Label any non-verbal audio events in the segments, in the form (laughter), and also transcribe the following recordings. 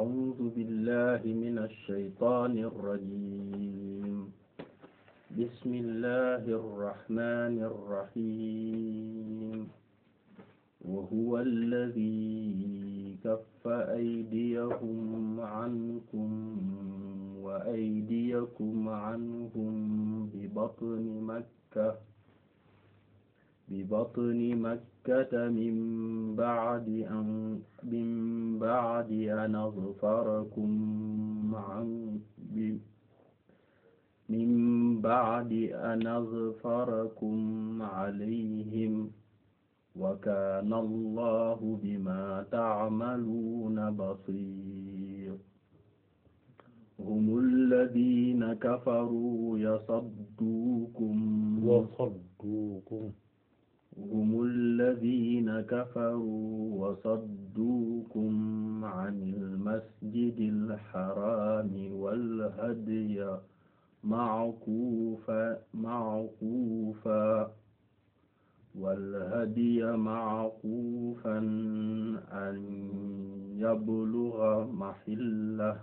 أعوذ بالله من الشيطان الرجيم بسم الله الرحمن الرحيم وهو الذي كف أيديهم عنكم وأيديكم عنهم ببطن مكة ببطن مكة من بعد أن من بعد أن أظفركم عن من بعد أن أظفركم عليهم وكان الله بما تعملون بصير هم الذين كفروا يصدوكم وصدوكم هم الذين كفروا وصدوكم عن المسجد الحرام والهدي معكوفا معكوفا والهدي معكوفا أن يبلغ محله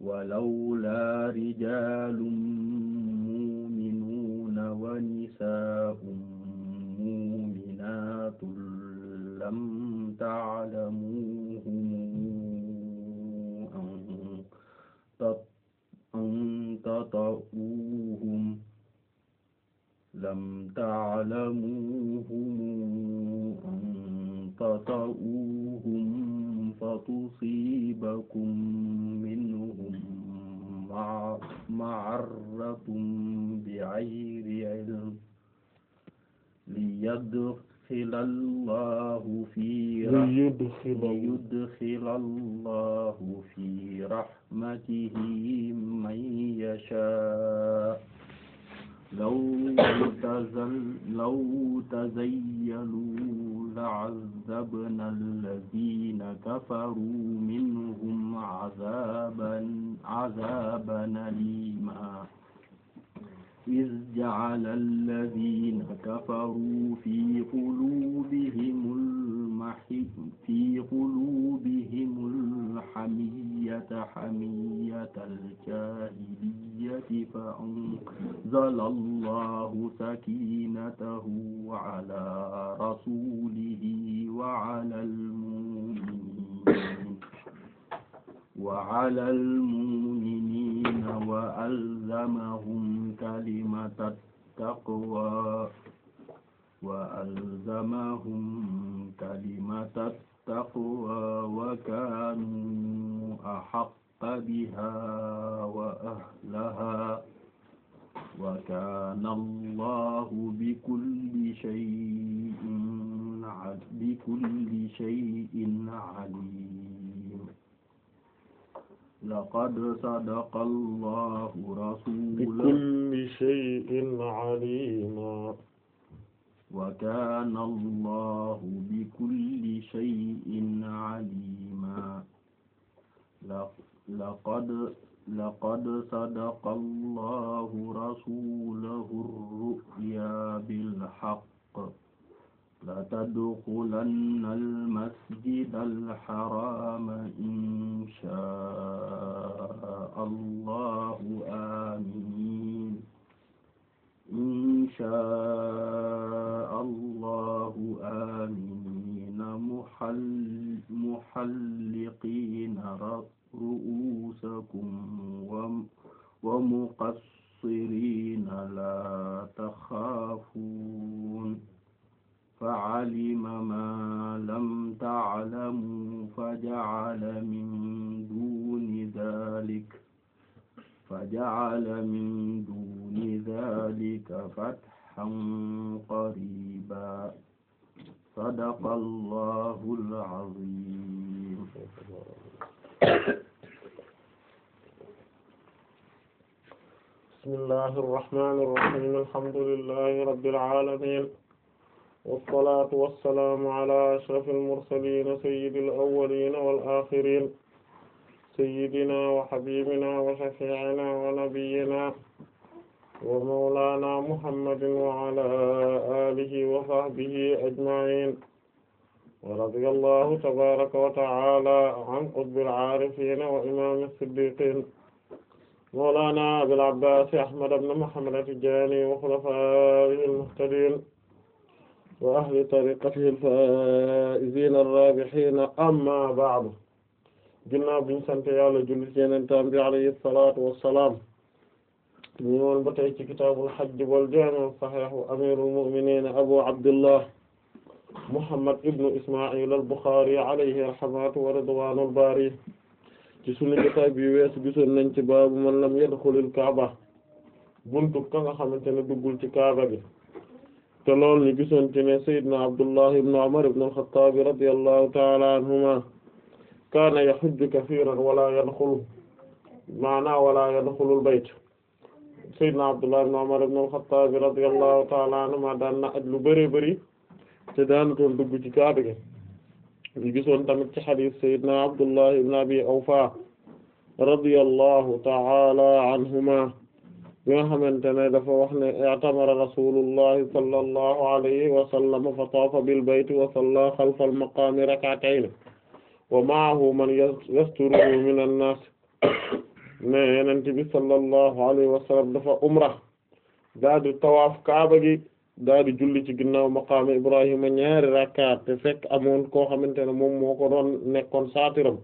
ولولا رجال مؤمنون ونساء ألهمهم كلمة التقوى وكانوا أحق بها وأهلها وكان الله بكل شيء بكل شيء عليم لقد صدق الله رسوله بكل شيء عليما wa kaana allahu bi kulli shay'in alima laqad laqad sadaqa allahu rasulahu ar-ru'ya bilhaqq latadxulanna almasjida alharama inshaa allahu amin inshaa allahu aaminiina muhalliqiina ru'uusakum wa muqassiriina laa taxaafuun fa'alima maa lam ta'lamuu faja'ala min duuni dhaalika فجعل من دون ذلك فتحا قريبا صدق الله العظيم بسم الله الرحمن الرحيم الحمد لله رب العالمين والصلاة والسلام على أشرف المرسلين سيد الأولين والآخرين سيدنا وحبيبنا وشفيعنا ونبينا ومولانا محمد وعلى آله وصحبه أجمعين ورضي الله تبارك وتعالى عن قطب العارفين وإمام الصديقين مولانا أبي العباس أحمد بن محمد التجاني وخلفائه المهتدين وأهل طريقته الفائزين الرابحين أما بعد ginnaaw bi ñu sant yàlla julli ci yenentaan bi alayhi salaatu wassalaam ñu woon ba tey ci kitaabul hajj wal jaami' sahih wa amirul mu'minin abu abdullah muhammad ibnu isma'il al bukhari alayhi rahmatu wa ridwanul bari ci sunu kitaab bi weesu gisoon nañ ci baabu man lam yadxulil kaaba buntu ka nga xamante ne duggul ci kaaba bi te loolu ñu gisoon ne sayyidna abdullah ibnu umar ibnu al-khattab radiyallahu ta'ala anhuma kaana yahujju kathiran wala yadxulu maana wala yadxulul bayt sayyidina Abdullah ibn Umar ibn al-Khattab radiyallahu ta'ala anhuma daan na aj lu bëree bëri te daan doon dugg ci kaaba gi ñu gisoon tamit ci hadith sayyidina Abdullah ibn Abi Awfa radiyallahu ta'ala anhuma bi nga xamante ne dafa wax ne i'tamara rasulullahi sallallahu alayhi wa sallam fa taafa bil bayti wa salla xalfa al-maqaami rak'atayn wa maahu man yasturuhu min an-nas ne yonent bi sallallahu alayhi wa sallam dafa umra daa tawaaf kaaba gi daa di julli ci ginnaaw maqaama Ibrahima ñaari rakkaat fekk amoon koo xamante ne moom moo ko doon nekkoon saatiram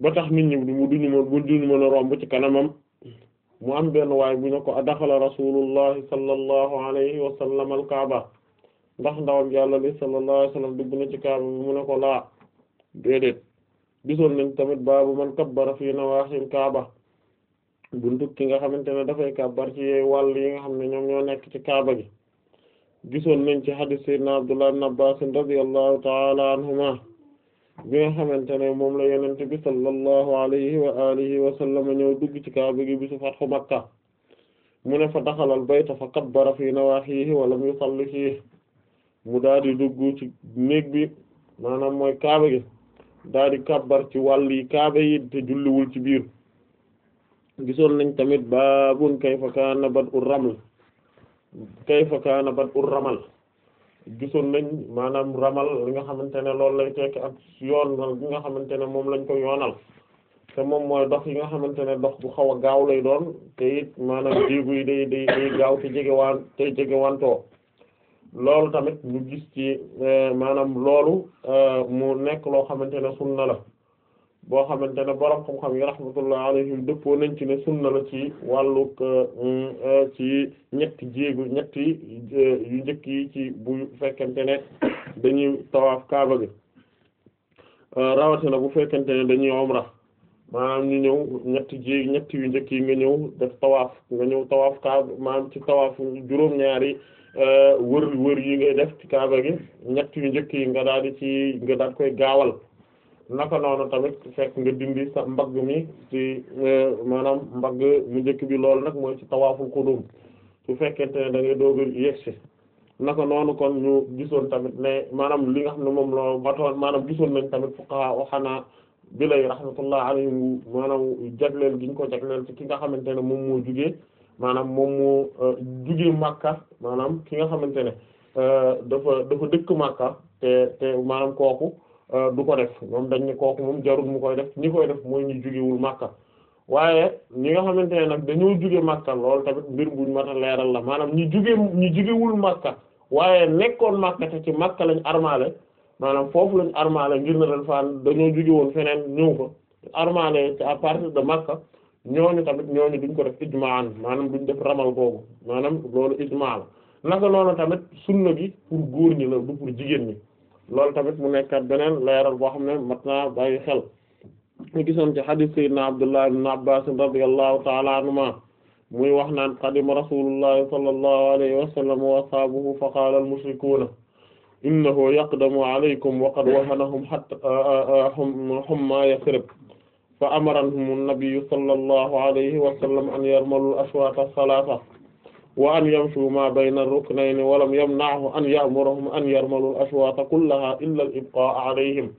ba tax nit ñi mu duñu mën bu duñu mën ci kanamam mu am benn waay bu ñu ko daxala rasulullahi sallallahu alayhi wa sallam al-kaaba ndax ndawam yàlla li sallallahu alayhi wasallam dugg na ci kaaba bi mu ne ko laa nañ tamit baabu man kabbara fii nawaaxil kaaba buntu ki nga xamante ne dafay wàll yi nga xam ne ñoom ñoo nekk ci kaaba gi gisoon nañ ci hadis sayyidina Abdullah ibn Abbas radiyallahu ta'ala anhuma bi nga xamante ne moom la yonent bi sallallahu alayhi wa alihi wa ci kaaba gi bisu fatxu mu ne fa daxalal bayta fa kabbara fii nawaaxihi wa lam yusalli fiihi mu daal di dugg ci néeg bi maanaam mooy kaaba gi daal di kabbar ci wàll yi kaaba yi te julliwul ci biir gisoon nañ tamit baabun kayfa kaana bad'u raml kayfa kaana ramal gisoon nañ maanaam ramal li nga xamante ne loolu lay tekki ak yoonal bi nga xamante ne moom lañ ko yoonal te moom mooy dox yi nga xamante ne dox bu xaw a gaaw lay doon te it maanaam jéegu yi day day day gaaw te jegewaan te loolu tamit ñu gis ci euh, maanaam loolu euh, mu nekk loo xamante ne sunna la boo xamante na borom xam-xam yi rahmatullah alayhim dëppoo nañ ci ne sunna la ci wàllug euh, ci ñetti jéegu ñetti yu njëkk yi ci bu fekkente ne dañuy tawaaf kaaba gi rawatina bu fekkente ne dañuy umra ñëw ñetti jéeg ñetti njëkk yi nga ñëw def tawaaf nga ñëw tawaaf kaaba maanaam ci tawaaf juróom-ñaari Euh, wër wër yi ngay def ci kaaba gi ñett yu njëkk yi nga daal di ci nga daal koy gaawal naka noonu tamit fekk nga dimbi sa mbagg mi ci euh, maanaam mbagg mu njëkk bi lool nag mooy ci tawaaful qudum su fekkente ne da ngay doog a yegsi naka noonu kon ñu gisoon tamit ne maanaam li nga xam ne moom loo matoon maanaam gisoon nañ tamit fuqaha o xanaa bi lay rahmatullah alayhim maanaam jagleel gi ñu ko jagleel ci ki nga xamante ne moom moo jugee maanaam moom moo euh, jugee Makka maanaam ki nga xamante ne euh, dafa dafa dëkk Makka te te maanaam kooku euh, du ko def moom dañ ne kooku moom jarul mu koy def ñi koy def mooy ñu jugewul Makka waaye ñi nga xamante ne nag dañoo juge Makka loolu tamit mbir buñ mat a leeral la maanaam ñu juge ñu jugewul Makka waaye nekkoon Makka te ci Makka lañ armaale maanaam foofu lañ armaale ngir na dañ faan dañoo juge woon feneen ñëw fa armaale te à de Makka ñooñu tamit ñooñu duñ ko def ijmaan maanaam duñ def ramal googu maanaam loolu ijmaa la naka loolu tamit sunna gi pour góor ñi la du pour jigéen ñi loolu tamit mu nekkat beneen leeral boo xam ne mat naa bàyyi xel ñu gisoon ci xadiis sayyidina Abdullah ibn Abbas radiyallahu ta'ala anhuma muy wax naan qadima rasulullahi sallallahu alayhi wa sallam wa ashaabuhu fa qaala al mushrikuuna innahu yaqdamu alaykum wa qad wahanahum hatta humma Yathrib fa amarahum an-nabiyyu sallallahu alayhi wa sallam an yarmalu al-ashwaata as-salaasa wa an yamshuu maa bayna ar-ruknayni wa lam yamna'hu an ya'murahum an yarmalu al-ashwaata kullahaa illaa al-ibqaa'a alayhim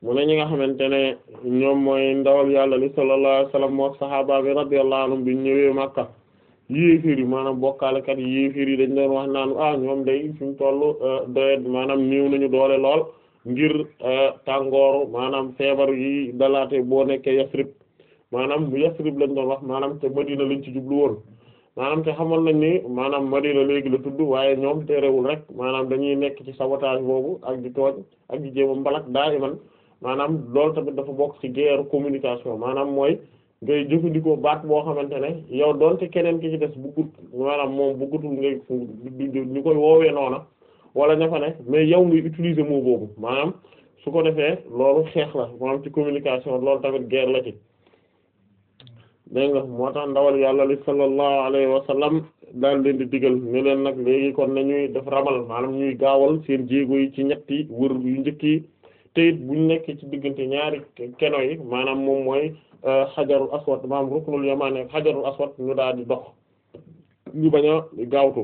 mu ne ñi nga xamante ne ñoom mooy ndawal yàlla li sallallahu alayhi wa sallam moo sahaaba bi radiyallahu anhum bi ñëwee Makka yéefir yi maanaam bokkaalekat yi yéefir yi dañ doon wax naan ah ñoom day suñ toll euh, doyet maanaam néew nañu doole lool ngir euh, tàngoor maanaam feebar yi dalaate boo nekkee Yasrib maanaam bu Yasrib lañ doon wax maanaam te Madina lañu ci jublu woon maanaam te xamal nañ ni maanaam Madina léegi la tudd waaye ñoom terewul rek maanaam dañuy nekk ci sabotage boobu ak di tooñ ak di jéem a mbalak daa iman maanaam loolu tamit dafa bokk ci guerre communication maanaam mooy ngay jëfandikoo baat boo xamante ne yow doonte keneen ki ci des buggut maanaam moom buggutul ngay ñu koy woowee noona wala ña fa ne mais yow ngay utiliser moo boobu maanaam su ko defee loolu xeex la maanaam ci communication loolu tamit guerre la ci dégg moo tax ndawal yàlla li sallallahu alayhi wa sallam daal leen di diggal ne leen nag léegi kon nañuy def ramal maanaam ñuy gaawal seen jéego yi ci ñetti wër yu njëkk yi te it buñ nekk ci diggante ñaari keno yi maanaam moom mooy euh, xajarul aswad maanaam ruknul yamani xajarul aswad ñu daal di dox ñu bañ a gaawtu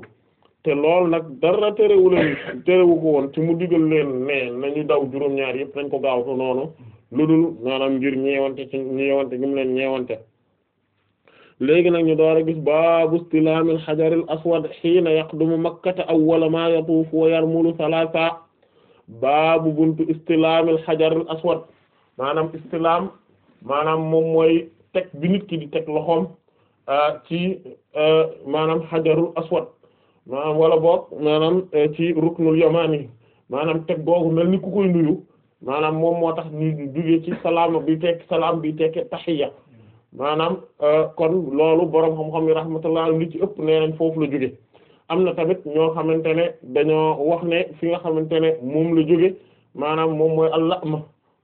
te loolu nag dara terewu leen terewu mu digal leen ne nañu daw juróom-ñaar yëpp nañ ko gaawtu noonu lu dul maanaam ngir ñeewante ci ñeewante gi mu leen ñeewante léegi nag ñu door a gis baabu istilaamil xajaril aswad xiina yaqdumu makkata awwala maa yatuufu wa yarmulu salaasa baabu buntu istilaamil xajaril aswad maanaam istilaam maanaam moom mooy teg bi nit ki di teg loxoom ah, ci ah, maanaam xajarul aswad maanaam wala boog maanaam eh, ci ruknul yamani maanaam teg googu mel ni ku koy nuyu maanaam moom moo tax ñu jugee ci salaama bi tekk salaam bi tekk taxiya maanaam eh, kon loolu borom xam-xam yi rahmatullah li ci ëpp nee nañ foofu la jóge am na tamit ñoo xamante ne dañoo wax ne fi nga xamante ne moom la jóge maanaam moom mooy allah ma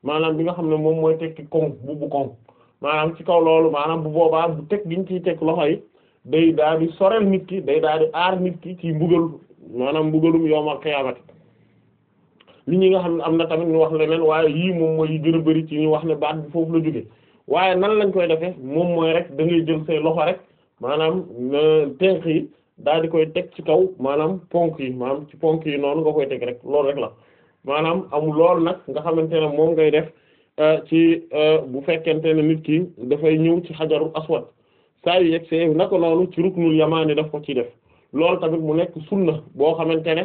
maanaam bi nga xam ne moom mooy tekki koŋ bu bu koŋ maanaam ci kaw loolu maanaam bu boobaa bu teg giñ ciy teg loxo yi day daal di sorel nit ki day daal di aar nit ki ci mbugal maanaam mbugalum yawmal qiyaamati li ñi nga xam ne am na tamit ñu wax leneen waaye yii moom mooy yi gën a bari ci ñu wax ne baat bi foofu la jóge waaye nan lañ koy defe moom mooy rek da ngay jël say loxo rek maanaam tenq yi daal di koy teg ci kaw maanaam ponk yi maanaam ci ponk yi noonu nga koy teg rek loolu rek la maanaam amul lool nag nga xamante ne moom ngay def euh, ci euh, bu fekkente ne nit ki dafay ñëw ci xajarul aswad saa yu yegg see naka noonu ci ruknul yamaani def ko ci def loolu tamit mu nekk sunna boo xamante ne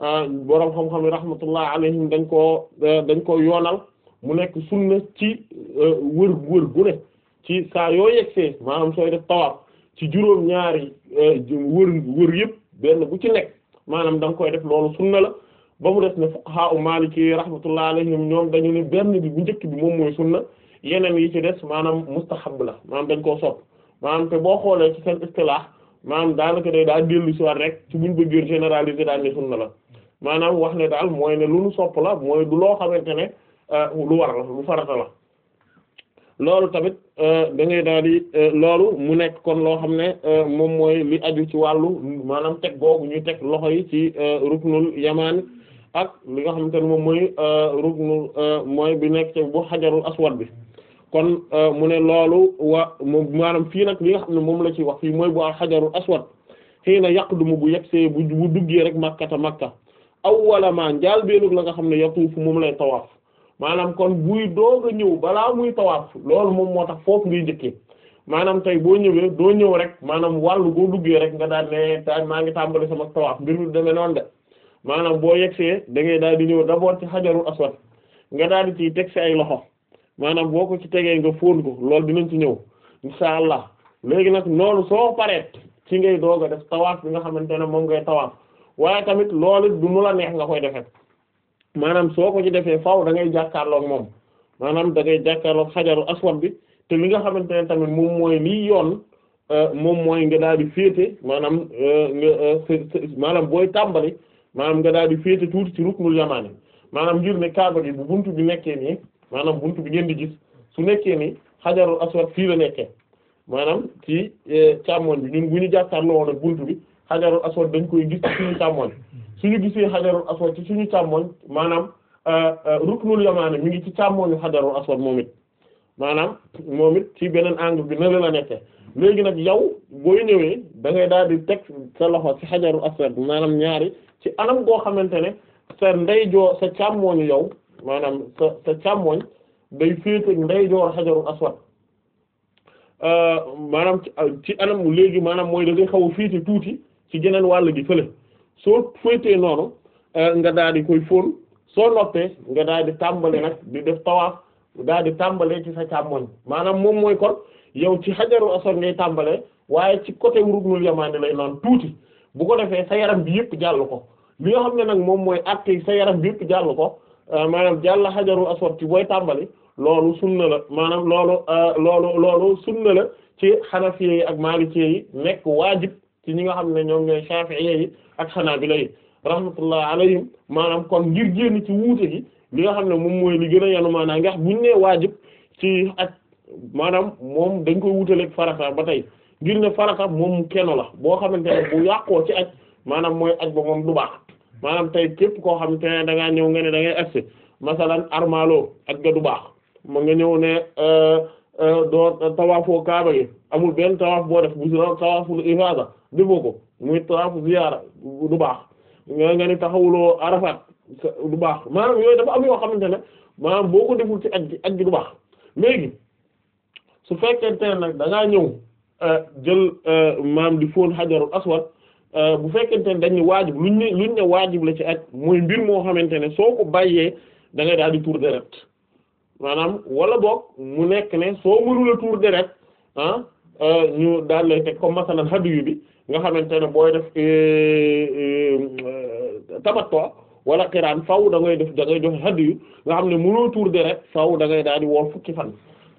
ah, boroom xam-xam yi rahmatullah alayhim dañ koo dañ koo yoonal mu nekk sunna ci euh, wër wër gu ne ci saa yoo yegg see maanaam sooy def tawaaf ci juróom ñaari euh, wër wër yëpp benn bu ci nekk maanaam da nga koy def loolu sunna la ba mu des ne fuqaha u maliki rahmatullah alayhim ñoom dañu ne benn bi mu njëkk bi moom mooy sunna yeneen yi ci des maanaam mustahab la maanaam dañ koo sopp maanaam te boo xoolee ci seen istilah maanaam daanaka day daal dellu si waat rek ci buñ bëggee généraliser daal ne na la maanaam wax ne daal mooy ne lu nu sopp la mooy du loo xamante ne euh, lu war la lu farata la loolu tamit euh, da ngay daal di euh, loolu mu nekk kon loo xam ne moom mooy li aju ci wàllu maanaam teg googu ñuy teg loxo yi ci ruknul yamaan ak li nga xamante ne moom mooy ruknul mooy bu nekk ci bu xajarul aswad bi kon euh, mu ne loolu wa maanaam fii nag li nga xam ne moom la ci wax fii mooy bu alxajarul aswad xëy du ma bu yegsee bu bu duggee rek makkata makka awwala ma njaal beenug la nga xam ne yatuuf moom lay tawaaf maanaam kon buy doog a ñëw balaa muy tawaaf loolu moom moo tax foofu ngay njëkkee maanaam tey boo ñëwee doo ñëw rek maanaam wàllu boo duggee rek nga daal ne taa maa ngi tàmbali sama tawaaf mbir mi demee noonu de maanaam boo yegsee da ngay daal di ñëw d'abord ci xajarul aswad nga daal di ciy teg ci ay loxo maanaam boo ko ci tegee nga fóon ko loolu dinañ ci ñëw insha allah léegi nag loolu soo paree ci ngay doog a def tawaaf bi nga xamante ne moom ngay tawaaf waaye tamit loolu du mu la neex nga koy defee maanaam soo ko ci defee faaw da ngay jàkkaarloog moom maanaam da ngay jàkkaarloog xajaru aswad bi te li nga xamante ne tamit moom mooy liy yoon euh, moom mooy nga daal di féete maanaam euh, nga euh, maanaam booy tàmbali maanaam nga daal di féete tuuti ci ruknul yamaani maanaam ngir ne kaaba gi bu buntu bi nekkee nii. maanaam bunt bi ngeen di gis su nekkee ni xajarul aswad fii la nekkee maanaam ci eh, càmmoñ bi ñun bu ñu jàkkaarloo woon ak bunt bi xajarul aswad dañ koy gis ci suñu càmmoñ suñu gisee xajarul aswad ci suñu càmmoñ maanaam eh, eh, ruknul yamaani mi ngi ci càmmoñu xajarul aswad moom it maanaam moom it ci beneen angle bi nële la nekkee léegi nag yow booy ñëwee da ngay daal di teg sa loxo ci xajarul aswad maanaam ñaari ci anam goo xamante ne sa ndeyjoo sa càmmoñu yow maanaam sa sa càmmoñ day féete ndeyjoor xajarul aswad euh, maanaam ci euh, anam léegi maanaam mooy da ngay xaw a féete tuuti ci geneen wàll gi fële soo féetee noonu euh, nga daal di koy fóon soo noppee nga daal di tàmbale nag di def tawaaf daal di tàmbalee ci sa càmmoñ maanaam moom mooy kon yow ci xajarul aswad ngay tàmbalee waaye ci côté ruknul yamaani lay noonu tuuti bu ko defee sa yaram bi yëpp jàll ko li nga xam ne nag moom mooy àtte sa yaram bi yëpp jàll Euh, maanaam jàll xajarul aswad ci booy tàmbali loolu sunna la maanaam loolu euh, loolu loolu sunna la ci xanafiye yi ak maalikee yi nekk waajib ci ñi nga xam ne ñoom ñooy shafi'iye ak ak xanaabila yi rahmatullah alayhim maanaam kon ngir génn ci wuute gi li nga xam ne moom mooy li gën a yanu maanaam nga buñ ne waajib ci ak maanaam moom dañ koy wutaleeg farata ba tey ngir ne farata moom mu kenn la boo xamante ne bu yàqoo ci aj maanaam mooy aj ba moom du baax maanaam tey képp koo xamante ne da ñëw nga ne da ngay agsi masalan armalo ak ga du baax moo nga ñëw ne euh, euh, doo euh, tawaafoo kaaba gi amul benn tawaaf boo def bu tawaaful ifaada defoo ko muy tawaafu ziyaara du baax nga nga taxawuloo arafat du baax maanaam yooy dafa am yoo xamante ne maanaam boo ko deful ci aj gi aj du baax léegi su fekkente ne nag ñëw jël maam di fóon xajarul aswad Euh, bu fekkente ne dañ ne waajib luñ ne luñ ne waajib la ci aj mooy mbir moo xamante ne soo ko bàyyee dangay ngay daal di tuur deret maanaam wala boog mu nekk ne soo mënula tuur deret ah euh, ñu daal lay teg comme masalan hadiyu bi nga xamante ne booy def euh, tabatto wala xiraan faw da ngay def da ngay joxe hadiyu nga xam ne mënoo tuur deret faw da ngay daal di woor fukki fan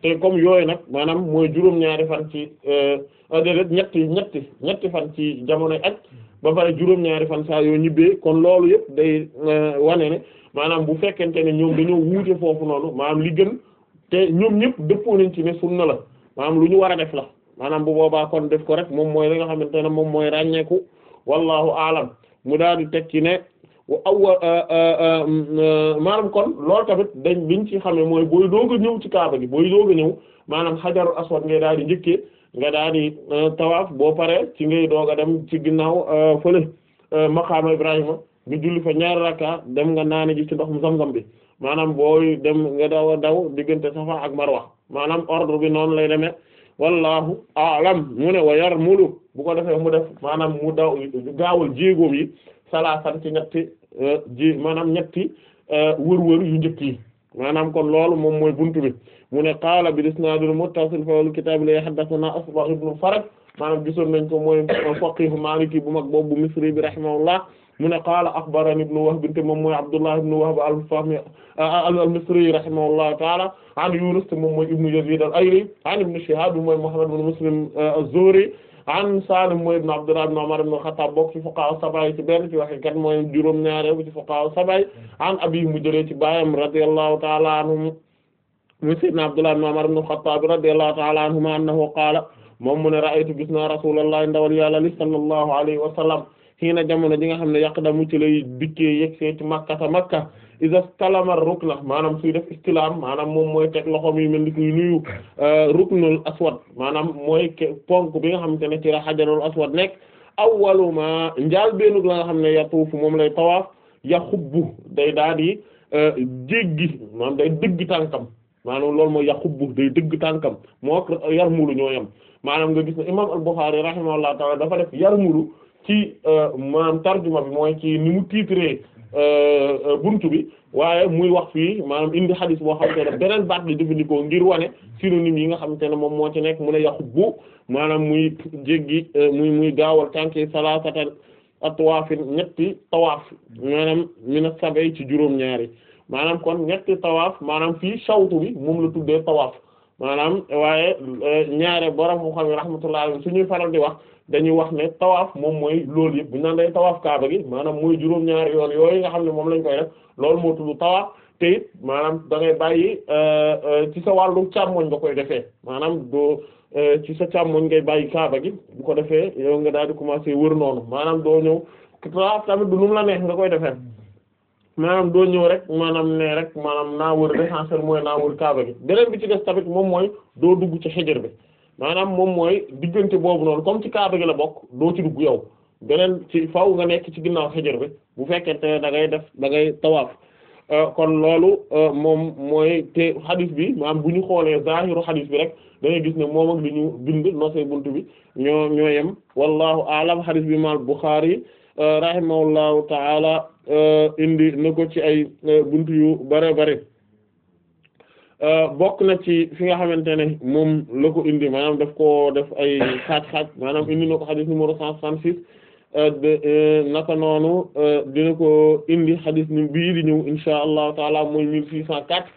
te comme yooyu nag maanaam mooy juróom-ñaari fan ci euh, ah, déedéet ñetti ñetti ñetti fan ci jamonoy aj ba pare juróom-ñaari fan saa yoo ñibbee kon loolu yëpp day euh, wane ne maanaam bu fekkente ne ñoom dañoo wuute foofu noonu maanaam li gën te ñoom ñëpp dëppoo nañ ci ne sunna la maanaam lu ñu war a def la maanaam bu boobaa kon def ko rek moom mooy li nga xamante ne moom mooy ràññeeku wallahu alam mu daal di teg ci ne awwa euh, euh, euh, mm, maanaam kon loolu tamit dañ liñ ci xamee mooy booy doog ñëw ci kaaba gi booy doog ñëw maanaam xajaru aswad ngay daal di njëkkee nga daal di tawaaf boo paree ci ngay dooga dem ci ginnaaw fële maqaama Ibrahima bi julli fa ñaari rakka dem nga naane ji ci ndox mu zam bi maanaam booy dem nga daw daw diggante safa ak marwa maanaam ordre bi noonu lay demee wallahu a'lam mu ne wa yar mulu bu ko defee mu def maanaam mu daw gaawal jéegoom yi salaasan ci ñetti euh, ji maanaam ñetti euh, wër-wër yu njëkk yi maanaam kon loolu moom mooy buntu bi mu ne qaala bil isnaadil muttasil fil kitaabi la haddathanaa Asbagh ibn Faraj maanaam gisoon nañ ko mooy faqiih maaliki bu mag boobu misri bi rahimahullah mu ne qaala axbarani ibnu Wahb te moom mooy Abdullah ibnu Wahb al-Fahmi al-Misri rahimahullahu ta'ala an Yunus te moom mooy ibnu Yazid al-Ayli an ibnu Shihab mooy Muhammad ibn Muslim euh, az-Zuhri an Salim mooy ibn Abdullah ibn Umar ibn Khattab bokk ci fuqaha sabay ci benn ci waxe kat mooy juróom ñaare bu ci fuqaha sabay an abi mu jëlee ci baayam radiyallahu ta'ala anhum mu sayyidna Abdullah ibn Umar ibn Khattab radiyallahu ta'ala anhuma annahu qaala moom mu ne ra'aytu gis naa rasulullah ndawal yàlla li sallallahu alayhi wa sallam xiina jamono ji nga xam ne yàq da mu ci lay dikkee yegg see ci Makka ta Makka isas talamar rukna maanaam suy def istilaam maanaam moom mooy teg loxoom yi mel ni kuy nuyu euh, ruknul aswad maanaam mooy ponk bi nga xamante ne ci la xajarul aswad nekk awwaluma njaal beenug la nga xam ne yatuuf moom lay tawaaf yaxubbu day daal di euh, jéggi maanaam day dëgg tànkam maanaam loolu mooy yaxubbu day dëgg tànkam moo ak yarmulu ñoo yam maanaam nga gis ne imaam al-Bukhari rahimahullahu ta'ala dafa def yarmulu ci euh, maanaam tarjuma bi mooy ci ni mu tiitree Euh, euh, bunt bi waaye muy wax fii maanaam indi xadis boo xamante ne beneen baat la jëfandikoo ngir wane synonyme yi nga xamante ne moom moo ci nekk mu ne yàqu bu maanaam muy jéggi euh, muy muy gaawal tànki salaasatan atwaafin ñetti tawaaf maanaam mina sabay ci juróom-ñaari maanaam kon ñetti tawaaf maanaam fii sawtu bi moom la tuddee tawaaf maanaam waaye ñaare borom moo xam ne rahmatullahi suñuy faral di wax. dañuy wax ne tawaaf moom mooy loolu yëpp bu ñu naan day kaaba gi maanaam mooy juróom-ñaari yoon yooyu nga xam ne moom lañ koy def loolu moo tudd tawaaf te it maanaam da ngay bàyyi euh, euh, ci sa wàllu càmmoñ nga koy defee maanaam doo euh, ci sa càmmoñ ngay bàyyi kaaba gi bu ko defee yow nga daal di commencer wër noonu maanaam doo ñëw tawaaf tamit du mu la neex nga koy defee maanaam doo ñëw rek maanaam nee rek maanaam naa wër l'essentiel mooy naa wër kaaba gi beneen bi ci des tamit moom mooy doo dugg ci xejar bi maanaam moom mooy diggante boobu noonu comme ci kaaba gi la bokk doo ci dugg yow beneen ci faw nga nekk ci ginnaaw xëjër bi bu fekkee ne da def da ngay tawaaf euh, kon loolu euh, moom mooy te xadis bi maanaam bu ñu xoolee zahiru xadis bi rek da ngay gis ne moom ak li ñu bind nosee bunt bi ñoo ñoo yem wallahu alam xadis bi maal Bukhari euh, rahimahullahu taala indi na ko ci ay bunt yu bare bare Euh, bokk na ci fi nga xamante ne moom la ko indi maanaam def koo def ay xaaj-xaaj maanaam indi na ko xadis numéro cent soixante-six euh, euh, naka noonu dina ko indi xadis nu bii di ñëw insha allahu taala mooy mille six cent quatre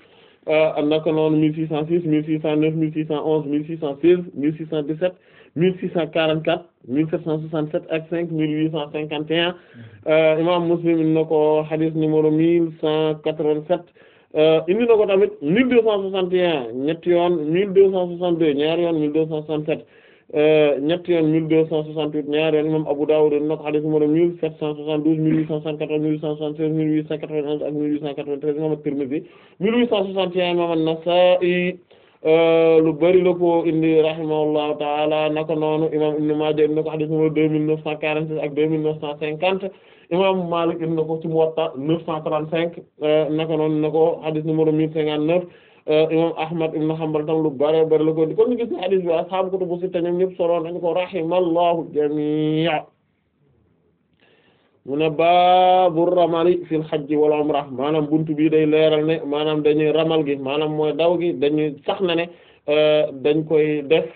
naka noonu mille six cent six mille six cent neuf mille six cent onze mille six cent seize mille six cent dix-sept mille six cent quarante-quatre mille sept cent soixante-sept ak cinq mille huit cent cinquante et imam Muslim na ko xadis numéro mille cent quatre-vingt-sept Euh, indi na ko tamit mille deux cent soixante et un ñetti yoon mille deux cent soixante deux ñaari yoon mille deux cent soixante sept euh, ñetti yoon mille deux cent soixante huit ñaari yoon imam Abu Dawud na ko hadith numéro mille sept cent soixante douze mille huit cent soixante quatre huit cent soixante seize mille huit cent quatre vingt onze ak mille huit cent quatre vingt treize imam huit cent soixante et un imam An-Nasa'i euh, lu bari la ko indi rahimahullahu ta'ala naka noonu imam Ibn Majah six ak deux mille cent cinquante imaamu Maalik indi na ko ci Muwatta 935 euh, naka noonu na ko hadith numéro 1059 euh, imam Ahmad ibn Hanbal tam lu bare bare la ko di kon ni gis ni hadith bi ashaabu kutubu sitta ñoom ñëpp solo nañu ko rahimallahu jamii'a mu ne baabu maanaam buntu bii day leeral ne maanaam dañuy maanaam mooy daw gi dañuy sax na ne euh, dañ koy def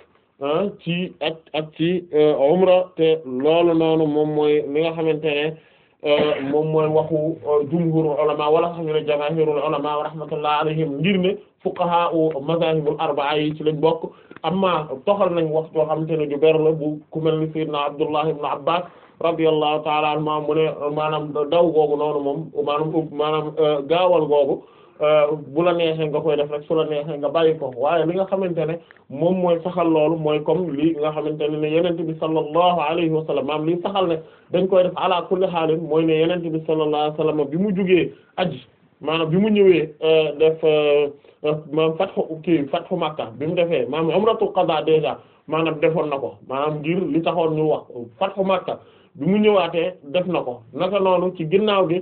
ci ak ak ci noonu moom mooy li nga xamante ne Euh, moom mooy waxu euh, jumhurul ulama wala sax ñu ne jamaahirul ulama wa alayhim ngir fuqaha u mazahibul arba'a yi ci lañ bokk amma toxal nañ wax joo xamante ne ju ber la bu ku mel ni sayyidna Abdullah ibn Abbas radiyallahu ta'ala anhuma mu ne maanaam daw googu noonu moom maanaam euh, gaawal googu Euh, bu la neexee nga koy def rek su la neexee nga bàyyi ko waaye li nga xamante ne moom mooy saxal loolu mooy comme li nga xamante ne ne yenente bi sallallahu alayhi wa sallam maam li saxal ne dañ koy def ala kulli xaalin mooy ne yenente bi sallallahu alayhi wa sallam bi mu jugee aji maanaam bi mu ñëwee euh, def euh, maanaam fatxu kii fatxu Makka bi mu defee maanaam umratul qada déjà maanaam defoon na ko maanaam giir li taxoon ñu wax fatxu Makka bi mu ñëwaatee def na ko naka noonu ci ginnaaw gi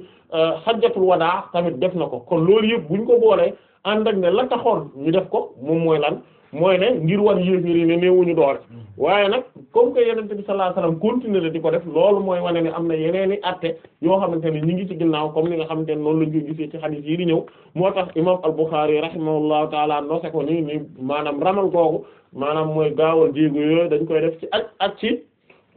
xajjatul euh, wadaa tamit def na ko kon loolu yëpp bu ñu ko boolee ànd ak ne la taxoon ñu def ko moom mooy lan mooy ne ngir war yéeféri ne néewuñu doole waaye nag comme que yenente bi sallallahu alayhi wasallam continuer la ko def loolu mooy wane ne am na yeneen i atte yoo xamante ne ñi ngi ginnaaw comme ni nga xam ne noonu lañ koy gisee ci xadiis yi di ñëw moo tax imam al-Bukhari rahimahullahu taala nose ko ni ni maanaam ramal googu maanaam mooy gaawal jéego yooyu dañ koy def ci ak ak ci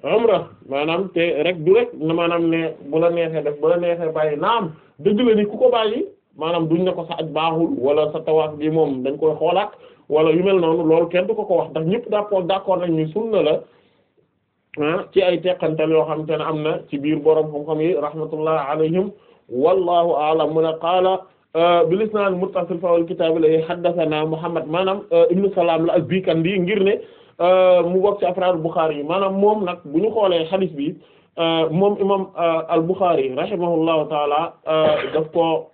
umra maanaam te rek du rek maanaam ne bu la neexee def bu la neexee bàyyi naam dëgg la ni ku ko bàyyi maanaam duñ ne ko aj baaxul wala sa tawaaf bi moom dañ koy xoolaat wala yu mel noonu lool kenn du ko ko wax ndax ñëpp d'accord d'accord nañ ñu sunna la ah, ci ay teqantal yoo xam te ne am na ci biir borom xam-xam yi rahmatullah alayhim wallahu a'lam mu ne qaala euh, bil isnad muttasil fa wal kitab la haddathana Muhammad maanaam euh, ibnu Salaam la ak biikandi ngir ne Euh, mu bokk ci afraadu Buxaari yi maanaam moom nag bu ñu xoolee xadis bi euh, moom imam euh, al-Buxaari rahimahullahu taala daf ko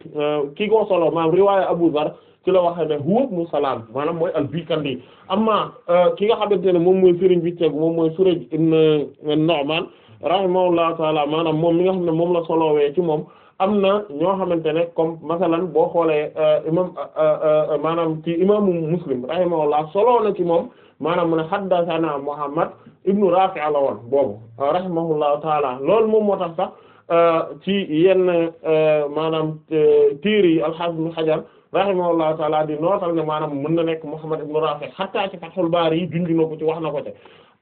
kii koo solo maanaam riwaaya Abu Zar ci la waxee ne huwa mu Salaam maanaam mooy al-Bikandi amma ki nga xamante ne moom mooy sëriñ bi teg moom mooy Suraj ibn Nu'man rahimahullahu taala maanaam moom mi nga xam ne moom la solowee ci moom am na ñoo xamante ne comme masalan boo xoolee imam maanaam ci imaamu Muslim rahimahullah solo na ci moom maanaam mu ne haddathana Muhammad ibnu Rafi' la woon boobu rahimahullahu taala loolu moom moo tax sax euh, ci yenn euh, maanaam euh, téere yi al-Hafiz ibn Hajar rahimahullahu taala di nootal ne maanaam mën na nekk Muhammad ibnu Rafi' hatta ci Fathul Bari yi junj na ko ci wax na ko ci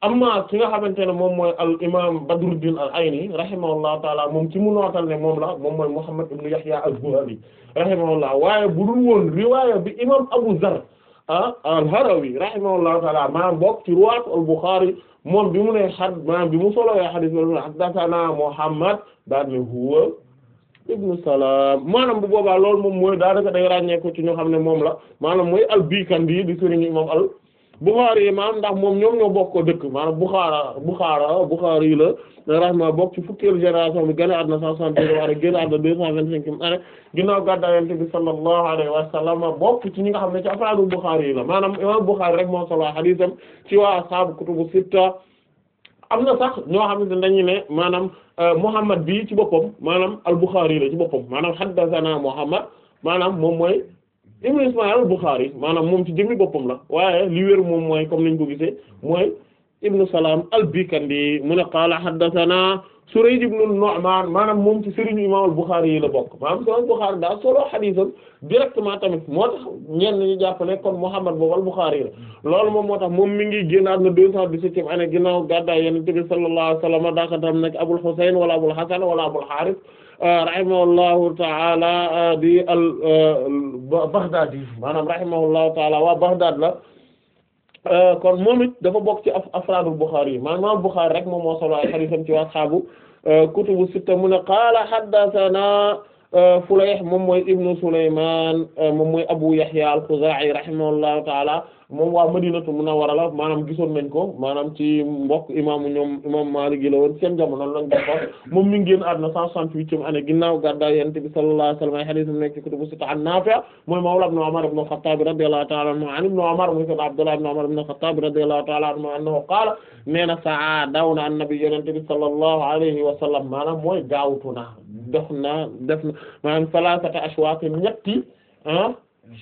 amma ki nga xamante ne moom mooy al imam Badruddin al Ayni rahimahullahu taala moom ci mu nootal ne moom la moom mooy Muhammad ibnu Yahya al-Zuhali rahimahullah waaye bu dul woon riwaaya bi imam Abu Zar Ah, al-Harawi rahimahullahu ta'ala maanaam bokk ci ruwaat al-Bukhari moom bi mu ne xad maanaam bi mu solo ya hadith loolu haddathana Muhammad daal ne huwa ibnu Salaam maanaam bu boobaa loolu moom mooy daanaka day ràññee ko ci ñoo xam ne moom la maanaam mooy al-Bikandi di sëriñu moom al Buxaari yi maanaam ndax moom ñoom ñoo bokk ko dëkk maanaam Buxaara Buxaara Buxaari yi la rahma bokk ci fukkeelu génération bi gën a na cent soixante deux waaye gën a àdduna deux cent vingt cinq mu année ginnaaw gàddaay bokk ci ñi nga xam ne ci afraadu Buxaari yi la maanaam imaam Buxaari rek moo solo hadiisam ci waa ashaabu kutubu sitta am na sax ñoo xam ne dañu ne maanaam euh, Muhammad bi ci boppam maanaam al-Buxaari la ci boppam maanaam haddasanaa Muhammad maanaam moom mooy ibn Ismaïl al-Bukhari maanaam moom ci jëmmi boppam la waaye li wér moom mooy comme niñ ko gisee mooy ibn Salam al-Bikandi mu ne qaala haddathana Surayd ibn Nu'man maanaam moom ci sëriñu imam al-Bukhari yi la bokk maanaam soo al-Bukhari daa solo xadiisam directement tamit moo tax ñenn ñi jàpp ne kon Muhammad boobu al-Bukhari la loolu moom moo tax moom mi ngi génnaat na deux cent dix-septième année ginnaaw gàddaay Yonent a sallallahu alayhi wa sallam daa ko tam rahimahullahu taala euh, di al euh, Baghdadi maanaam rahimahullahu taala waa Baghdad la euh, kon moom it dafa bokk ci afraadul Bukhari yi maanaam Bukhari rek moom moo solo ay xadiisam ci waa saabu kutubu sitta mu ne qaala haddathana Fulayh moom mooy ibnu Sulaymaan moom mooy Abu Yahya al-Khuzaa'i rahimahullahu taala moom waa Madinatu Munawwara la maanaam gisoon nañ ko maanaam ci mbokk imaamu ñoom imaam Maalik gi la woon seen jamono lañ bokkoon moom mi ngi génn àdduna cent soixante-huitième année ginnaaw gàddaay Yonent bi sallallahu alayhi wa sallam ay hadiis mu nekk ci kutubu sitta an mooy mawla ibn Umar ibn al-Khattab radiyallahu ta'ala anhu an ibn Umar muy ko Abdullah ibn Umar ibn al-Khattab wa sallam maanaam mooy gaawtu naa dox naa def na ñetti ah,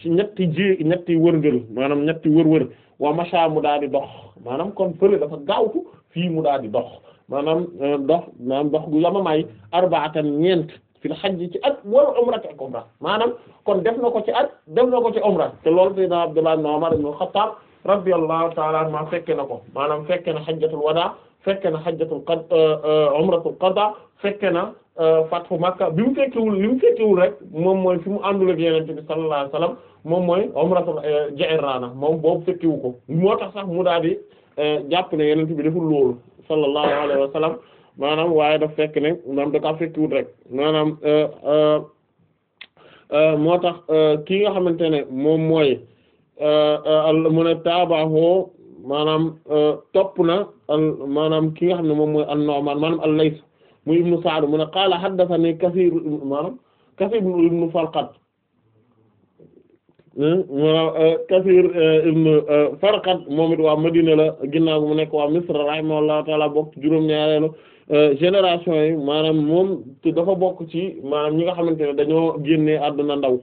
ci ñetti ji ñetti wërngël maanaam ñetti wër-wër wa macha mu daal di dox maanaam kon fële dafa gaawtu fii mu daal di dox maanaam euh, dox maanaam dox gu yamamaay arbaatan ñeent fil hajj ci at wala umra ak umra maanaam kon def na ko ci at def na ko ci umra te loolu sayyidina Abdullah ibn Umar ibn Khattab radiyallahu ta'ala anhuma fekke na ko maanaam fekke na hajjatul wadaa fekke na hajjatul qada euh, euh, umratul qada fekke na Euh, fathu Makka bi mu tekkiwul mu tekkiwul rek moom mooy fi mu àndul ak Yonent bi sallallahu alayhi wasallam moom mooy umratul euh, Ji'rana moom boobu tekkiwu ko moo tax sax mu daal di euh, jàpp ne Yonent bi deful loolu sallallahu alayhi wasallam maanaam waaye daf fekk ne maanaam da fekkiwul rek maanaam moo tax ki nga xamante ne moom mooy mu ne taabaaxoo maanaam topp na maanaam kii nga xam ne moom mooy an-Nu'man maanaam al muy ibnu Sa'd mu ne qaala haddathani Kasiir maanaam Kasiir ibnu Farqad Kasiir ibnu moom it waa Madina la ginnaaw mu nekk waa Misr rahimahullahu ta'ala bokk juróom-ñaareelu génération yi maanaam moom dafa bokk ci maanaam ñi nga xamante ne dañoo génnee àdduna ndaw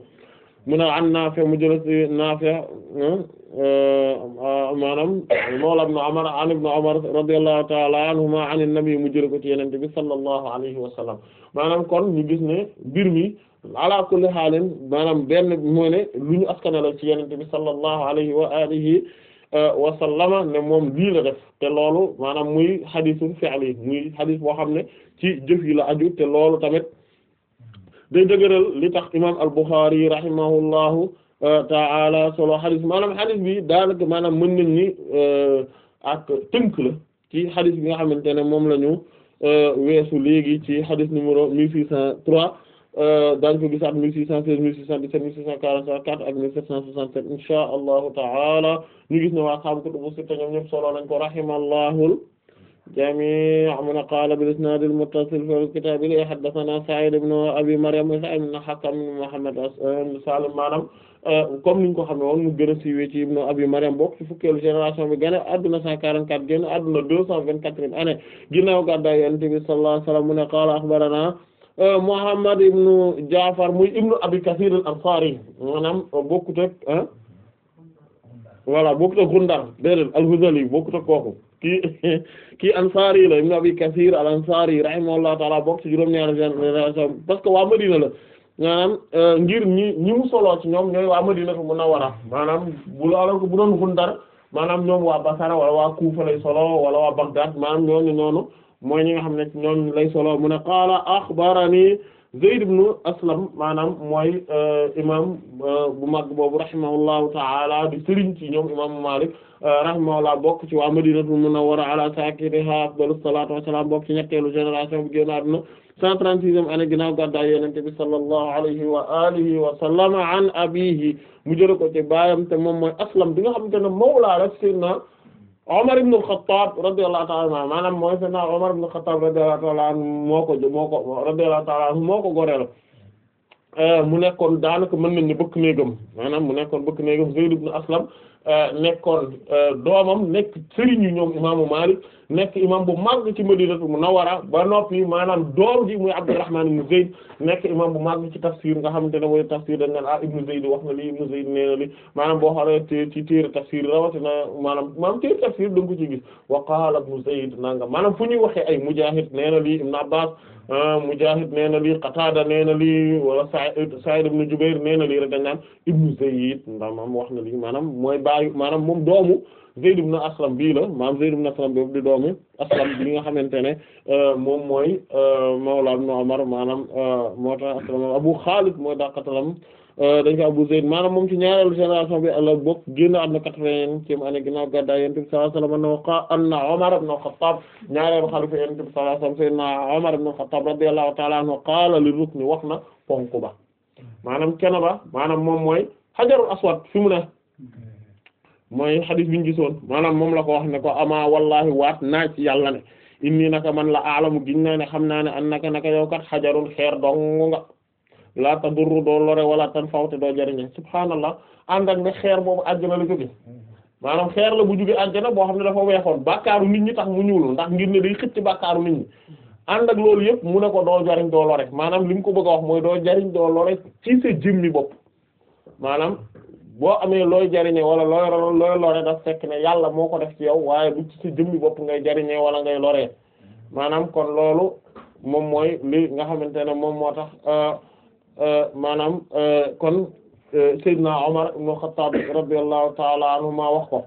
mu a an Naafi' mu jël Naafi' Euh, maanaam mawla ibn Umar an ta'ala anhuma an nabi mu jël ko ci yenente bi sallallahu alayhi wa sallam kon ñu gis ne mbir mi ala kulli maanaam benn moo ne lu ñu askanala ci yenente bi sallallahu alayhi wa alihi euh, wa ne moom lii la def te loolu maanaam muy xadiisu fi'li muy xadiis boo xam ne ci jëf yi la aju te loolu tamit day dëgëral li tax imaam al-Bukhari rahimahullahu ta'ala solo xadis maanaam xadis bi daanaka maanaam mën nañ ni euh, ak tënk la ci xadis bi nga xamante ne moom la ñu euh, weesu léegi ci xadis numéro mille six cent trois euh, daañu ko gisaat mille six cent seize mille six cent dix-sept mille six cent quarante-quatre ak mille sept cent soixante-sept insha allahu ta'ala ñu gis ne waa xam kutubu sitta ñoom ñëpp solo lañ ko rahimallahul jami' mu ne qaala bil isnaad al muttasil fil kitaab li haddathanaa Sa'iid ibn Abi Maryam ibn Hakam ibn Muhammad Salim maanaam Euh, comme niñ ko xamee woon mu gën siiwee ci ibnu abi bokk ci fukkeelu génération bi gane adduna cent quarante quatre génn adduna deux cent vingt quatrième année ginnaaw gàddaay yonent bi sallallahu alayhi wa mu ne qaala axbarana euh, muhammad ibnu jaafar muy ibnu abi kasir al ansari maanaam bokkut ak voilà bokkut ak gundar déedéet al-huzali bokkut ak kooku kii (laughs) kii la ibnu abi kasir al ansari rahimahullahu taala bokk ci juróom-ñaari génération parce que waa maanaam euh, ngir ñi ñi mu soloo ci ñoom ñooy waa Madinatu Munawwara maanaam bu loolu bu doon dar maanaam ñoom waa Basra wala waa Kufa lay solo wala waa Bagdad maanaam ñooñu noonu mooy ñi nga xam ne ñoom lay solo mu ne qaala axbarani Zayd ibn Aslam maanaam mooy euh, imam euh, bu mag boobu rahimahullahu ta'ala di sëriñ ci ñoom imaamu Maalik euh, rahimahullah bokk ci waa Madinatul Munawwara ala saakinihaa afdalu salaatu wa salaam bokk ci ñetteelu génération bu génn àdduna 136e année ginnaaw gàddaay Yonent bi sallallahu alayhi wa alihi wa sallama an abiihi mu jël ko ci baayam te moom mooy Aslam bi nga xamante ne mawla la sayyidina Omar ibn al-Khattab radiyallahu ta'ala anhu maanaam mooy sayyidina Omar ibn al-Khattab radiyallahu ta'ala moo ko moo ko radiyallahu ta'ala anhu moo ko goreel eh, mu nekkoon daanaka mën nañ ne bëkk néegam maanaam mu nekkoon bëkk néegam Zayd ibn Aslam eh, nekkoon eh, doomam nekk sëriñu ñoom imaamu Maalik nekk imam bu màgg ci na Munawwara ba noppi maanaam doom ji muy Abdurrahman ibn Zayd nekk imam bu màgg ci tafsir nga xamante ne mooy tafsir dañ naan ah ibn Zayd wax na li ibn Zayd nee na li maanaam boo xoolee ci téere tafsir rawatina maanaam maanaam téere tafsir da nga ko ci gis wa qaala ibn Zayd nanga maanaam fu ñuy waxee ay Mujaahid nee na lii Ibn Abbaas Ah, Mujaahid nee na lii Qataada nee na lii wala Sa'id Sa'id ibn Jubayr nee na lii rek dañ naan ibnu Zayd ndax moom wax na lii maanaam mooy baayu maanaam moom doomu Zayd ibn Aslam bii la maanaam Zayd ibn Aslam boobu di doomu Aslam bi nga xamante ne ah, moom mooy ah, mawla ibn Umar maanaam moo tax Aslam Abu Xaalid mooy daqatalam Euh, dañ ko Abu Zayd moom ci ñaareelu a bi àla bokk génn am na quatre-vingtième année ginnaaw gaddaa yonent bi sallallahu alayhi wasallam naqa anna Umar ibn al-Khattab ñaareelu xalifa yonent bi sallallahu alayhi wasallam sayyidina Umar na ponk ba maanaam kene ba maanaam moom mooy xajarul aswad fi mu ne gisoon maanaam moom la ko wax ne ko ama wallahi yàlla ne inni naka man la aalamu giñ naa ne xam naa ne an na naka yow kat xajarul xeer dong nga laa tadurru doo lore wala tan fawte doo jariñe subhaanallah ànd ak ne xeer boobu àjjana la jóge maanaam xeer la bu jóge àjjana boo xam ne dafa weexoon bàkkaaru nit ñi tax mu ñuul ndax ngir ne day xëcc bàkkaaru nit ñi ànd ak loolu yëpp mu ne ko doo jariñ doo lore maanaam li mu ko bëgg a wax mooy doo jariñ doo lore ci sa jëmmi bopp maanaam boo amee looy jariñe wala looy looy lore daf fekk ne yàlla moo ko def ci yow waaye bu ci sa jëmmi bopp ngay jariñe wala ngay loree maanaam kon loolu moom mooy li nga xamante ne moom moo tax euh, Euh, maanaam euh, kon euh, Seydina Omar ibn Khattab radiyallahu ta'ala anhuma wax ko